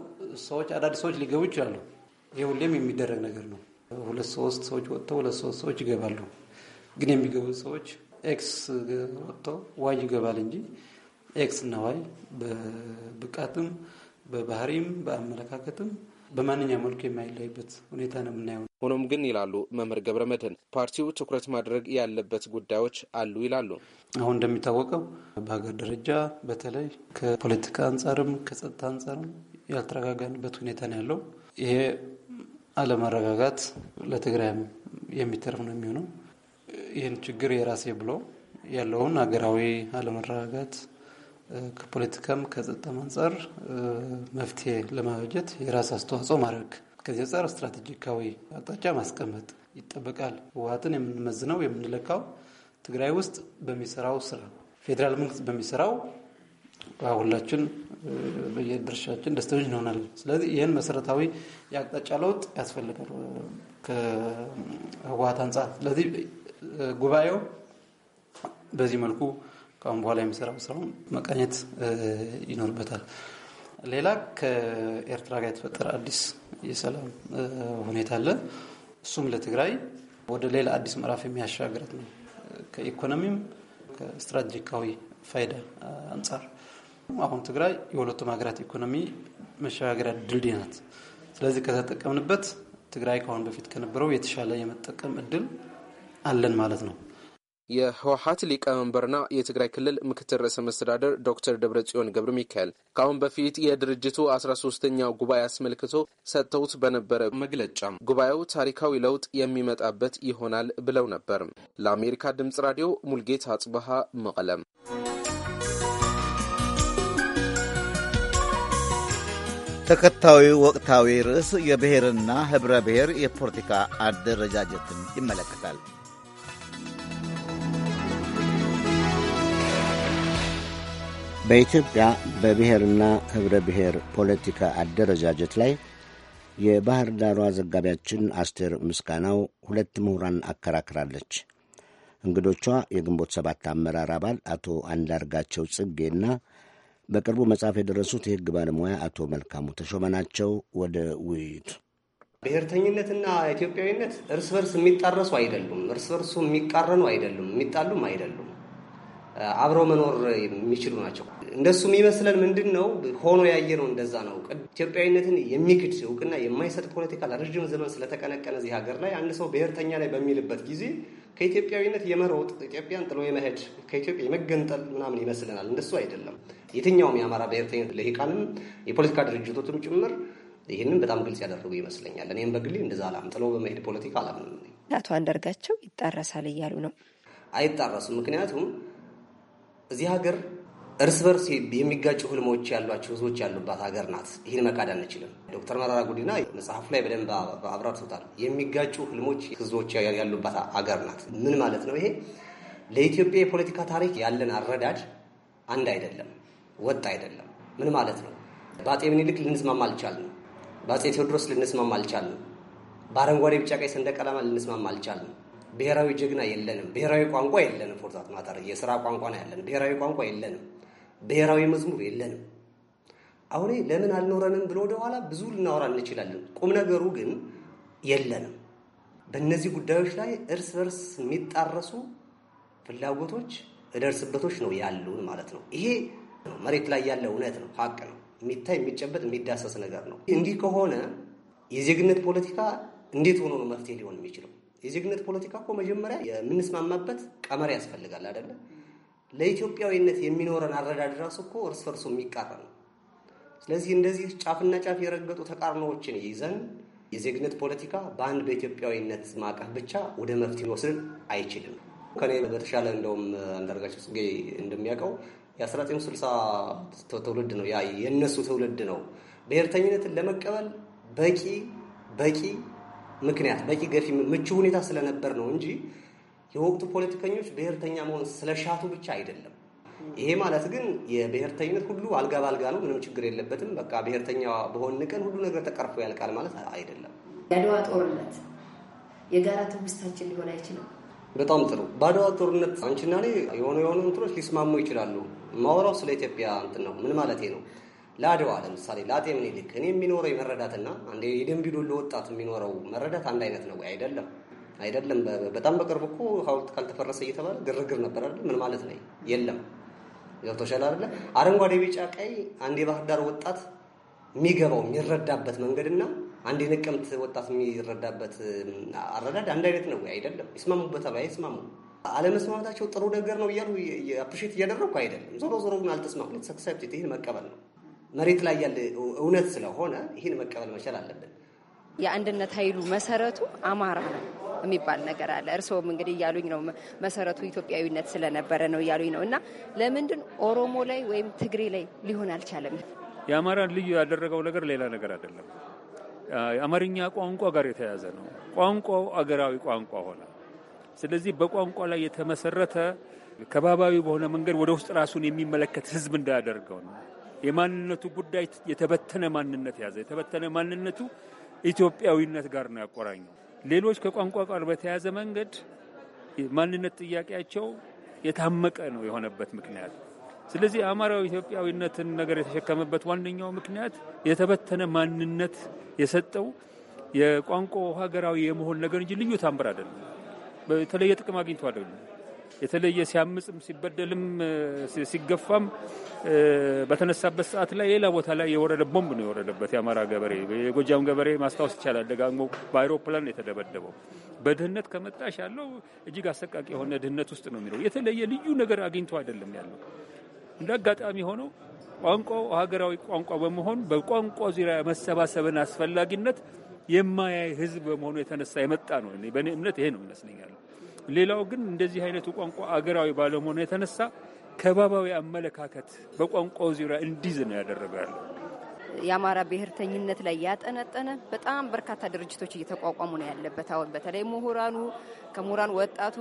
S17: ሰዎች አዳዲስ ሰዎች ሊገቡ ይችላሉ። ይህ ሁሌም የሚደረግ ነገር ነው። ሁለት ሶስት ሰዎች ወጥተው ሁለት ሶስት ሰዎች ይገባሉ። ግን የሚገቡ ሰዎች ኤክስ ወጥተው ዋይ ይገባል እንጂ ኤክስ እና ዋይ በብቃትም በባህሪም በአመለካከትም በማንኛውም መልኩ የማይለይበት ሁኔታ ነው የምናየው።
S11: ሆኖም ግን ይላሉ መምህር ገብረ መድህን ፓርቲው ትኩረት ማድረግ ያለበት ጉዳዮች አሉ ይላሉ። አሁን እንደሚታወቀው በሀገር ደረጃ በተለይ
S17: ከፖለቲካ አንጻርም ከጸጥታ አንጻርም ያልተረጋጋንበት ሁኔታ ነው ያለው። ይሄ አለመረጋጋት ለትግራይም የሚተርፍ ነው የሚሆነው። ይህን ችግር የራሴ ብሎ ያለውን ሀገራዊ አለመረጋጋት ከፖለቲካም ከጸጥታም አንጻር መፍትሄ ለማበጀት የራስ አስተዋጽኦ ማድረግ ከዚህ አንጻር ስትራቴጂካዊ አቅጣጫ ማስቀመጥ ይጠበቃል። ህወሀትን የምንመዝነው የምንለካው ትግራይ ውስጥ በሚሰራው ስራ ፌዴራል መንግስት በሚሰራው ሁላችን በየድርሻችን ደስተኞች እንሆናለን። ስለዚህ ይህን መሰረታዊ የአቅጣጫ ለውጥ ያስፈልጋል ከህወሀት አንጻር። ስለዚህ ጉባኤው በዚህ መልኩ ከአሁን በኋላ የሚሰራው ስራውን መቃኘት ይኖርበታል። ሌላ ከኤርትራ ጋር የተፈጠረ አዲስ የሰላም ሁኔታ አለ። እሱም ለትግራይ ወደ ሌላ አዲስ ምዕራፍ የሚያሻግረት ነው። ከኢኮኖሚም ከስትራቴጂካዊ ፋይዳ አንጻር አሁን ትግራይ የሁለቱም ሀገራት ኢኮኖሚ መሸጋገሪያ ድልድይ ናት። ስለዚህ ከተጠቀምንበት ትግራይ ከአሁን በፊት ከነበረው የተሻለ የመጠቀም እድል አለን ማለት ነው።
S11: የህወሀት ሊቀመንበርና የትግራይ ክልል ምክትል ርዕሰ መስተዳደር ዶክተር ደብረጽዮን ገብረ ሚካኤል ከአሁን በፊት የድርጅቱ አስራ ሶስተኛው ጉባኤ አስመልክቶ ሰጥተውት በነበረ መግለጫ ጉባኤው ታሪካዊ ለውጥ የሚመጣበት ይሆናል ብለው ነበር። ለአሜሪካ ድምጽ ራዲዮ ሙልጌታ አጽበሃ መቀለም።
S2: ተከታዩ ወቅታዊ ርዕስ የብሔርና ህብረ ብሔር የፖለቲካ አደረጃጀትን ይመለከታል።
S1: በኢትዮጵያ በብሔርና ኅብረ ብሔር ፖለቲካ አደረጃጀት ላይ የባህር ዳሯ ዘጋቢያችን አስቴር ምስጋናው ሁለት ምሁራን አከራክራለች። እንግዶቿ የግንቦት ሰባት አመራር አባል አቶ አንዳርጋቸው ጽጌና በቅርቡ መጽሐፍ የደረሱት የሕግ ባለሙያ አቶ መልካሙ ተሾመ ናቸው። ወደ ውይይቱ
S18: ብሔርተኝነትና ኢትዮጵያዊነት እርስ በርስ የሚጣረሱ አይደሉም። እርስ በርሱ የሚቃረኑ አይደሉም። የሚጣሉም አይደሉም። አብረው መኖር የሚችሉ ናቸው። እንደሱ የሚመስለን ምንድን ነው ሆኖ ያየ ነው። እንደዛ ነው። ኢትዮጵያዊነትን የሚክድ እውቅና የማይሰጥ ፖለቲካ ለረዥም ዘመን ስለተቀነቀነ እዚህ ሀገር ላይ አንድ ሰው ብሔርተኛ ላይ በሚልበት ጊዜ ከኢትዮጵያዊነት የመሮጥ ኢትዮጵያን ጥሎ የመሄድ ከኢትዮጵያ የመገንጠል ምናምን ይመስለናል። እንደሱ አይደለም። የትኛውም የአማራ ብሔርተኝነት ልሂቃንም የፖለቲካ ድርጅቶትም ጭምር ይህንን በጣም ግልጽ ያደረጉ ይመስለኛል። እኔም በግሌ እንደዛ አላም ጥሎ በመሄድ ፖለቲካ አላምንም።
S10: አቶ አንዳርጋቸው ይጣረሳል እያሉ ነው።
S18: አይጣረሱም። ምክንያቱም እዚህ ሀገር እርስ በርስ የሚጋጩ ህልሞች ያሏቸው ህዝቦች ያሉባት ሀገር ናት። ይህን መካድ አንችልም። ዶክተር መራራ ጉዲና መጽሐፉ ላይ በደንብ አብራርቶታል። የሚጋጩ ህልሞች ህዝቦች ያሉባት ሀገር ናት። ምን ማለት ነው ይሄ? ለኢትዮጵያ የፖለቲካ ታሪክ ያለን አረዳድ አንድ አይደለም፣ ወጥ አይደለም። ምን ማለት ነው? በአፄ ምኒልክ ልንስማማ አልቻልንም። በአፄ ቴዎድሮስ ልንስማማ አልቻልንም። በአረንጓዴ ቢጫ ቀይ ሰንደቅ ዓላማ ልንስማማ አልቻልንም። ብሔራዊ ጀግና የለንም፣ ብሔራዊ ቋንቋ የለንም። ፎርዛት ማታር የስራ ቋንቋ ነው ያለን። ብሔራዊ ቋንቋ የለንም፣ ብሔራዊ መዝሙር የለንም። አሁን ለምን አልኖረንም ብሎ ወደኋላ ብዙ ልናወራ እንችላለን። ቁም ነገሩ ግን የለንም። በእነዚህ ጉዳዮች ላይ እርስ በርስ የሚጣረሱ ፍላጎቶች፣ እደርስበቶች ነው ያሉን ማለት ነው። ይሄ መሬት ላይ ያለ እውነት ነው፣ ሀቅ ነው፣ የሚታይ የሚጨበጥ የሚዳሰስ ነገር ነው። እንዲህ ከሆነ የዜግነት ፖለቲካ እንዴት ሆኖ ነው መፍትሄ ሊሆን የሚችለው? የዜግነት ፖለቲካ እኮ መጀመሪያ የምንስማማበት ቀመር ያስፈልጋል አይደለ? ለኢትዮጵያዊነት የሚኖረን አረዳድ ራሱ እኮ እርስ በርሱ የሚቃረን ነው። ስለዚህ እንደዚህ ጫፍና ጫፍ የረገጡ ተቃርኖዎችን ይዘን የዜግነት ፖለቲካ በአንድ በኢትዮጵያዊነት ማዕቀፍ ብቻ ወደ መፍትሄ ሊወስድን አይችልም። ከኔ በተሻለ እንደውም አንዳርጋቸው ጽጌ እንደሚያውቀው የ1960 ትውልድ ነው ያ የእነሱ ትውልድ ነው ብሔርተኝነትን ለመቀበል በቂ በቂ ምክንያት በቂ ገፊ ምቹ ሁኔታ ስለነበር ነው እንጂ የወቅቱ ፖለቲከኞች ብሔርተኛ መሆን ስለሻቱ ብቻ አይደለም። ይሄ ማለት ግን የብሔርተኝነት ሁሉ አልጋ ባልጋ ነው፣ ምንም ችግር የለበትም፣ በቃ ብሔርተኛ በሆን ቀን ሁሉ ነገር ተቀርፎ ያልቃል ማለት አይደለም።
S8: የአድዋ ጦርነት የጋራ ትውስታችን ሊሆን አይችልም።
S18: በጣም ጥሩ። በአድዋ ጦርነት አንቺና እኔ የሆነ የሆኑ እንትኖች ሊስማሙ ይችላሉ። ማወራው ስለ ኢትዮጵያ እንትን ነው። ምን ማለት ነው? ለአድዋ ለምሳሌ ለአጤ ምኒልክ እኔ የሚኖረው የመረዳትና አንድ የደንቢ ዶሎ ወጣት የሚኖረው መረዳት አንድ አይነት ነው አይደለም አይደለም። በጣም በቅርብ እኮ ሀውልት ካልተፈረሰ እየተባለ ግርግር ነበር አይደል? ምን ማለት ነው? የለም ገብቶሻል አይደለ? አረንጓዴ፣ ቢጫ፣ ቀይ አንድ የባህር ዳር ወጣት የሚገባው የሚረዳበት መንገድና አንድ የነቀምት ወጣት የሚረዳበት አረዳድ አንድ አይነት ነው ወይ? አይደለም። ይስማሙበታል አይስማሙ አለመስማማታቸው ጥሩ ነገር ነው እያሉ አፕሪሼት እያደረግኩ አይደለም። ዞሮ ዞሮ ግን አልተስማሙ። ሰክሰፕት ይህን መቀበል ነው። መሬት ላይ ያለ እውነት ስለሆነ ይህን መቀበል መቻል አለብን።
S8: የአንድነት ኃይሉ መሰረቱ አማራ ነው የሚባል ነገር አለ። እርስዎም እንግዲህ እያሉኝ ነው መሰረቱ ኢትዮጵያዊነት ስለነበረ ነው እያሉኝ ነው። እና ለምንድን ኦሮሞ ላይ ወይም ትግሬ ላይ ሊሆን አልቻለም?
S19: የአማራን ልዩ ያደረገው ነገር ሌላ ነገር አይደለም። የአማርኛ ቋንቋ ጋር የተያያዘ ነው። ቋንቋው አገራዊ ቋንቋ ሆነ። ስለዚህ በቋንቋ ላይ የተመሰረተ ከባባዊ በሆነ መንገድ ወደ ውስጥ ራሱን የሚመለከት ህዝብ እንዳያደርገው ነው የማንነቱ ጉዳይ የተበተነ ማንነት ያዘ። የተበተነ ማንነቱ ኢትዮጵያዊነት ጋር ነው ያቆራኘው። ሌሎች ከቋንቋ ጋር በተያያዘ መንገድ ማንነት ጥያቄያቸው የታመቀ ነው የሆነበት ምክንያት። ስለዚህ አማራዊ ኢትዮጵያዊነትን ነገር የተሸከመበት ዋነኛው ምክንያት የተበተነ ማንነት የሰጠው የቋንቋ ሀገራዊ የመሆን ነገር እንጂ ልዩ ታምር አይደለም። በተለየ ጥቅም አግኝቶ አይደለም። የተለየ ሲያምጽም ሲበደልም ሲገፋም በተነሳበት ሰዓት ላይ ሌላ ቦታ ላይ የወረደ ቦምብ ነው የወረደበት። የአማራ ገበሬ የጎጃም ገበሬ ማስታወስ ይቻላል። ደጋግሞ በአይሮፕላን የተደበደበው በድህነት ከመጣሽ ያለው እጅግ አሰቃቂ የሆነ ድህነት ውስጥ ነው የሚለው። የተለየ ልዩ ነገር አግኝቶ አይደለም ያለው። እንደ አጋጣሚ ሆነው ቋንቋው ሀገራዊ ቋንቋ በመሆን በቋንቋ ዙሪያ መሰባሰብን አስፈላጊነት የማያይ ህዝብ በመሆኑ የተነሳ የመጣ ነው። በእኔ እምነት ይሄ ነው ይመስለኛል። ሌላው ግን እንደዚህ አይነቱ ቋንቋ አገራዊ ባለመሆኑ የተነሳ ከባባዊ አመለካከት በቋንቋው ዙሪያ እንዲዝ ነው ያደረጋል።
S8: የአማራ ብሔርተኝነት ላይ ያጠነጠነ በጣም በርካታ ድርጅቶች እየተቋቋሙ ነው ያለበት። አሁን በተለይ ምሁራኑ ከምሁራን ወጣቱ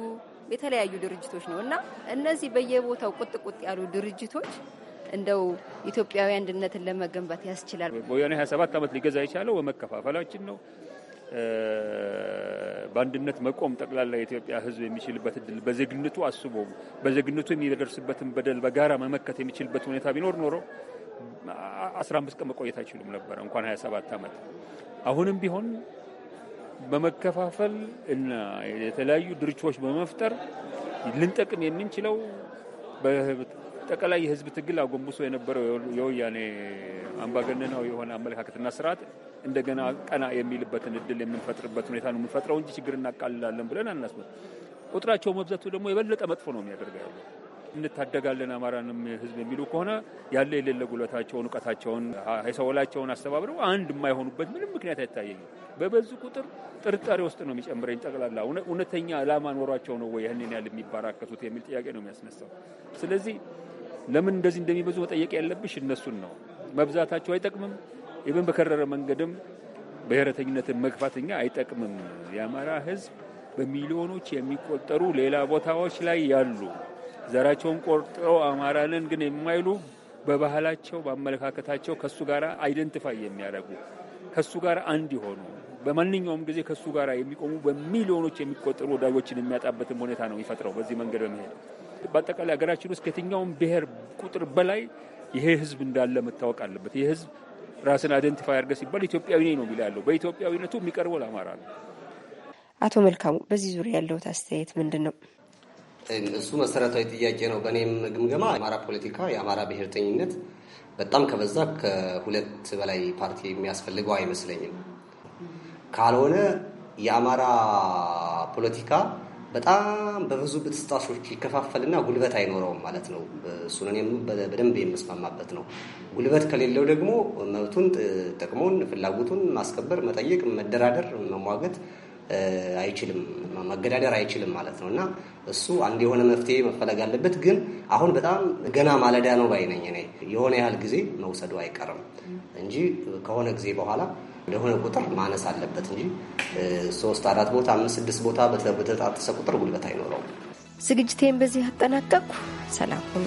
S8: የተለያዩ ድርጅቶች ነው እና እነዚህ በየቦታው ቁጥ ቁጥ ያሉ ድርጅቶች እንደው ኢትዮጵያዊ አንድነትን ለመገንባት ያስችላል።
S19: ወያኔ 27 ዓመት ሊገዛ የቻለው በመከፋፈላችን ነው። በአንድነት መቆም ጠቅላላ የኢትዮጵያ ሕዝብ የሚችልበት እድል በዜግነቱ አስቦ በዜግነቱ የሚደርስበትን በደል በጋራ መመከት የሚችልበት ሁኔታ ቢኖር ኖሮ 15 ቀን መቆየት አይችሉም ነበረ እንኳን 27 ሰባት ዓመት አሁንም ቢሆን በመከፋፈል እና የተለያዩ ድርቻዎች በመፍጠር ልንጠቅም የምንችለው በጠቅላይ የህዝብ ትግል አጎንብሶ የነበረው የወያኔ አምባገነናዊ የሆነ አመለካከትና ስርዓት እንደገና ቀና የሚልበትን እድል የምንፈጥርበት ሁኔታ ነው የምንፈጥረው እንጂ ችግር እናቃልላለን ብለን አናስበ ቁጥራቸው መብዛቱ ደግሞ የበለጠ መጥፎ ነው የሚያደርገው ያለው እንታደጋለን አማራንም ህዝብ የሚሉ ከሆነ ያለ የሌለ ጉልበታቸውን፣ እውቀታቸውን፣ ሀይሰወላቸውን አስተባብረው አንድ የማይሆኑበት ምንም ምክንያት አይታየኝም። በበዙ ቁጥር ጥርጣሬ ውስጥ ነው የሚጨምረኝ። ጠቅላላ እውነተኛ ዓላማ ኖሯቸው ነው ወይ ይህንን ያህል የሚባራከቱት የሚል ጥያቄ ነው የሚያስነሳው። ስለዚህ ለምን እንደዚህ እንደሚበዙ መጠየቅ ያለብሽ እነሱን ነው። መብዛታቸው አይጠቅምም። ይህን በከረረ መንገድም ብሔረተኝነትን መግፋትኛ አይጠቅምም። የአማራ ህዝብ በሚሊዮኖች የሚቆጠሩ ሌላ ቦታዎች ላይ ያሉ ዘራቸውን ቆርጠው አማራ ነን ግን የማይሉ በባህላቸው፣ በአመለካከታቸው ከሱ ጋር አይደንቲፋይ የሚያደርጉ ከሱ ጋር አንድ የሆኑ በማንኛውም ጊዜ ከሱ ጋር የሚቆሙ በሚሊዮኖች የሚቆጠሩ ወዳጆችን የሚያጣበትም ሁኔታ ነው ይፈጥረው በዚህ መንገድ በመሄድ በአጠቃላይ ሀገራችን ውስጥ ከየትኛውም ብሔር ቁጥር በላይ ይሄ ህዝብ እንዳለ መታወቅ አለበት። ይህ ህዝብ ራስን አይደንቲፋይ አድርገህ ሲባል ኢትዮጵያዊ ነኝ ነው የሚላለው። በኢትዮጵያዊነቱ የሚቀርበው ለአማራ ነው።
S10: አቶ መልካሙ በዚህ ዙሪያ ያለውት አስተያየት ምንድን ነው?
S19: እሱ መሰረታዊ ጥያቄ
S18: ነው። በእኔም ግምገማ የአማራ ፖለቲካ የአማራ ብሔርተኝነት በጣም ከበዛ ከሁለት በላይ ፓርቲ የሚያስፈልገው አይመስለኝም። ካልሆነ የአማራ ፖለቲካ በጣም በብዙ ብጥስጣሾች ይከፋፈልና ጉልበት አይኖረውም ማለት ነው። እሱን እኔም በደንብ የምስማማበት ነው። ጉልበት ከሌለው ደግሞ መብቱን፣ ጥቅሙን፣ ፍላጎቱን ማስከበር፣ መጠየቅ፣ መደራደር፣ መሟገት አይችልም መገዳደር አይችልም ማለት ነው። እና እሱ አንድ የሆነ መፍትሄ መፈለግ አለበት። ግን አሁን በጣም ገና ማለዳ ነው ባይነኝ እኔ የሆነ ያህል ጊዜ መውሰዱ አይቀርም እንጂ ከሆነ ጊዜ በኋላ የሆነ ቁጥር ማነስ አለበት እንጂ ሶስት አራት ቦታ አምስት ስድስት ቦታ በተጣጠሰ ቁጥር ጉልበት አይኖረውም።
S10: ዝግጅቴን በዚህ አጠናቀቅኩ። ሰላም ሁኑ።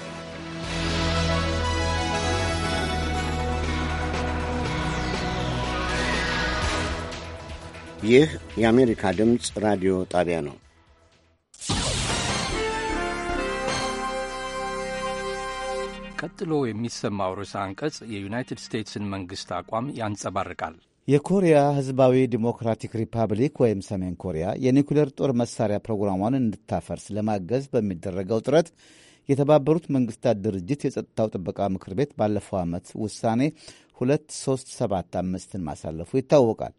S1: ይህ የአሜሪካ ድምፅ ራዲዮ ጣቢያ ነው።
S13: ቀጥሎ የሚሰማው ርዕሰ አንቀጽ የዩናይትድ ስቴትስን መንግሥት አቋም ያንጸባርቃል።
S2: የኮሪያ ህዝባዊ ዲሞክራቲክ ሪፐብሊክ ወይም ሰሜን ኮሪያ የኒኩሌር ጦር መሳሪያ ፕሮግራሟን እንድታፈርስ ለማገዝ በሚደረገው ጥረት የተባበሩት መንግስታት ድርጅት የጸጥታው ጥበቃ ምክር ቤት ባለፈው ዓመት ውሳኔ 2375ን ማሳለፉ ይታወቃል።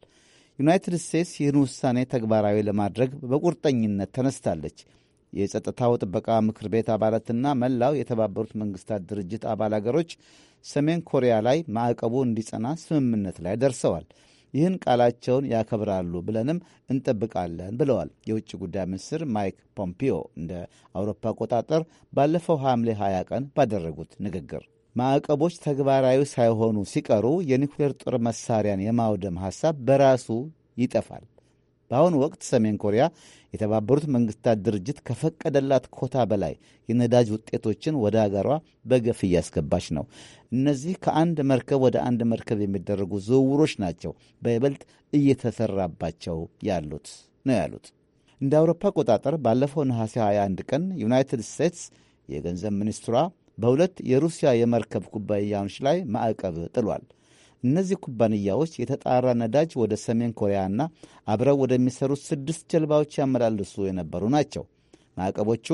S2: ዩናይትድ ስቴትስ ይህን ውሳኔ ተግባራዊ ለማድረግ በቁርጠኝነት ተነስታለች። የጸጥታው ጥበቃ ምክር ቤት አባላትና መላው የተባበሩት መንግስታት ድርጅት አባል አገሮች ሰሜን ኮሪያ ላይ ማዕቀቡ እንዲጸና ስምምነት ላይ ደርሰዋል። ይህን ቃላቸውን ያከብራሉ ብለንም እንጠብቃለን ብለዋል። የውጭ ጉዳይ ሚኒስትር ማይክ ፖምፒዮ እንደ አውሮፓ አቆጣጠር ባለፈው ሐምሌ 20 ቀን ባደረጉት ንግግር ማዕቀቦች ተግባራዊ ሳይሆኑ ሲቀሩ የኒውክሌር ጦር መሳሪያን የማውደም ሐሳብ በራሱ ይጠፋል። በአሁኑ ወቅት ሰሜን ኮሪያ የተባበሩት መንግስታት ድርጅት ከፈቀደላት ኮታ በላይ የነዳጅ ውጤቶችን ወደ አገሯ በገፍ እያስገባች ነው። እነዚህ ከአንድ መርከብ ወደ አንድ መርከብ የሚደረጉ ዝውውሮች ናቸው በይበልጥ እየተሰራባቸው ያሉት ነው ያሉት። እንደ አውሮፓ አቆጣጠር ባለፈው ነሐሴ 21 ቀን ዩናይትድ ስቴትስ የገንዘብ ሚኒስትሯ በሁለት የሩሲያ የመርከብ ኩባንያዎች ላይ ማዕቀብ ጥሏል። እነዚህ ኩባንያዎች የተጣራ ነዳጅ ወደ ሰሜን ኮሪያና አብረው ወደሚሰሩት ስድስት ጀልባዎች ያመላልሱ የነበሩ ናቸው። ማዕቀቦቹ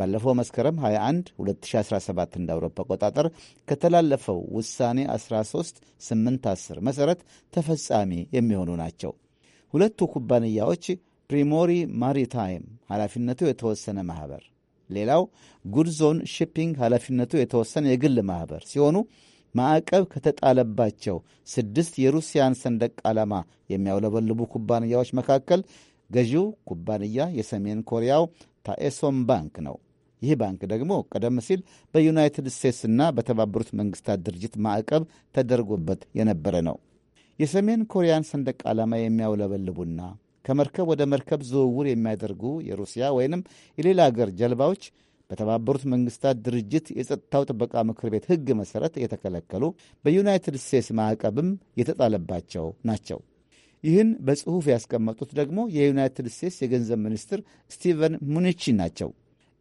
S2: ባለፈው መስከረም 21 2017 እንደ አውሮፓ አቆጣጠር ከተላለፈው ውሳኔ 13 810 መሠረት ተፈጻሚ የሚሆኑ ናቸው። ሁለቱ ኩባንያዎች ፕሪሞሪ ማሪታይም ኃላፊነቱ የተወሰነ ማኅበር፣ ሌላው ጉድዞን ሺፒንግ ኃላፊነቱ የተወሰነ የግል ማኅበር ሲሆኑ ማዕቀብ ከተጣለባቸው ስድስት የሩሲያን ሰንደቅ ዓላማ የሚያውለበልቡ ኩባንያዎች መካከል ገዢው ኩባንያ የሰሜን ኮሪያው ታኤሶም ባንክ ነው። ይህ ባንክ ደግሞ ቀደም ሲል በዩናይትድ ስቴትስና በተባበሩት መንግስታት ድርጅት ማዕቀብ ተደርጎበት የነበረ ነው። የሰሜን ኮሪያን ሰንደቅ ዓላማ የሚያውለበልቡና ከመርከብ ወደ መርከብ ዝውውር የሚያደርጉ የሩሲያ ወይንም የሌላ አገር ጀልባዎች በተባበሩት መንግስታት ድርጅት የጸጥታው ጥበቃ ምክር ቤት ሕግ መሠረት የተከለከሉ በዩናይትድ ስቴትስ ማዕቀብም የተጣለባቸው ናቸው። ይህን በጽሑፍ ያስቀመጡት ደግሞ የዩናይትድ ስቴትስ የገንዘብ ሚኒስትር ስቲቨን ሙኒቺ ናቸው።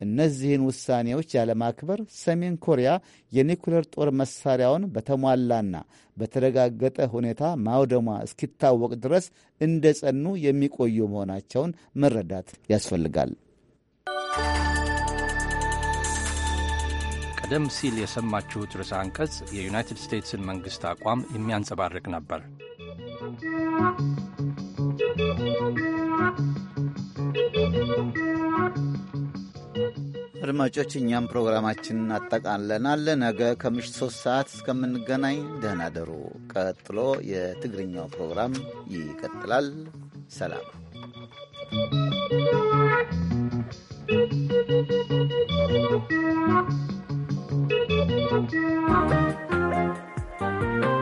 S2: እነዚህን ውሳኔዎች ያለማክበር ሰሜን ኮሪያ የኒኩሌር ጦር መሳሪያውን በተሟላና በተረጋገጠ ሁኔታ ማውደሟ እስኪታወቅ ድረስ እንደ ጸኑ የሚቆዩ መሆናቸውን መረዳት ያስፈልጋል።
S13: ቀደም ሲል የሰማችሁት ርዕሰ አንቀጽ የዩናይትድ ስቴትስን መንግሥት አቋም
S2: የሚያንጸባርቅ ነበር። አድማጮች፣ እኛም ፕሮግራማችንን አጠቃለናል። ነገ ከምሽት ሶስት ሰዓት እስከምንገናኝ ደህና ደሩ። ቀጥሎ የትግርኛው ፕሮግራም ይቀጥላል። ሰላም።
S3: Thank you. Thank you.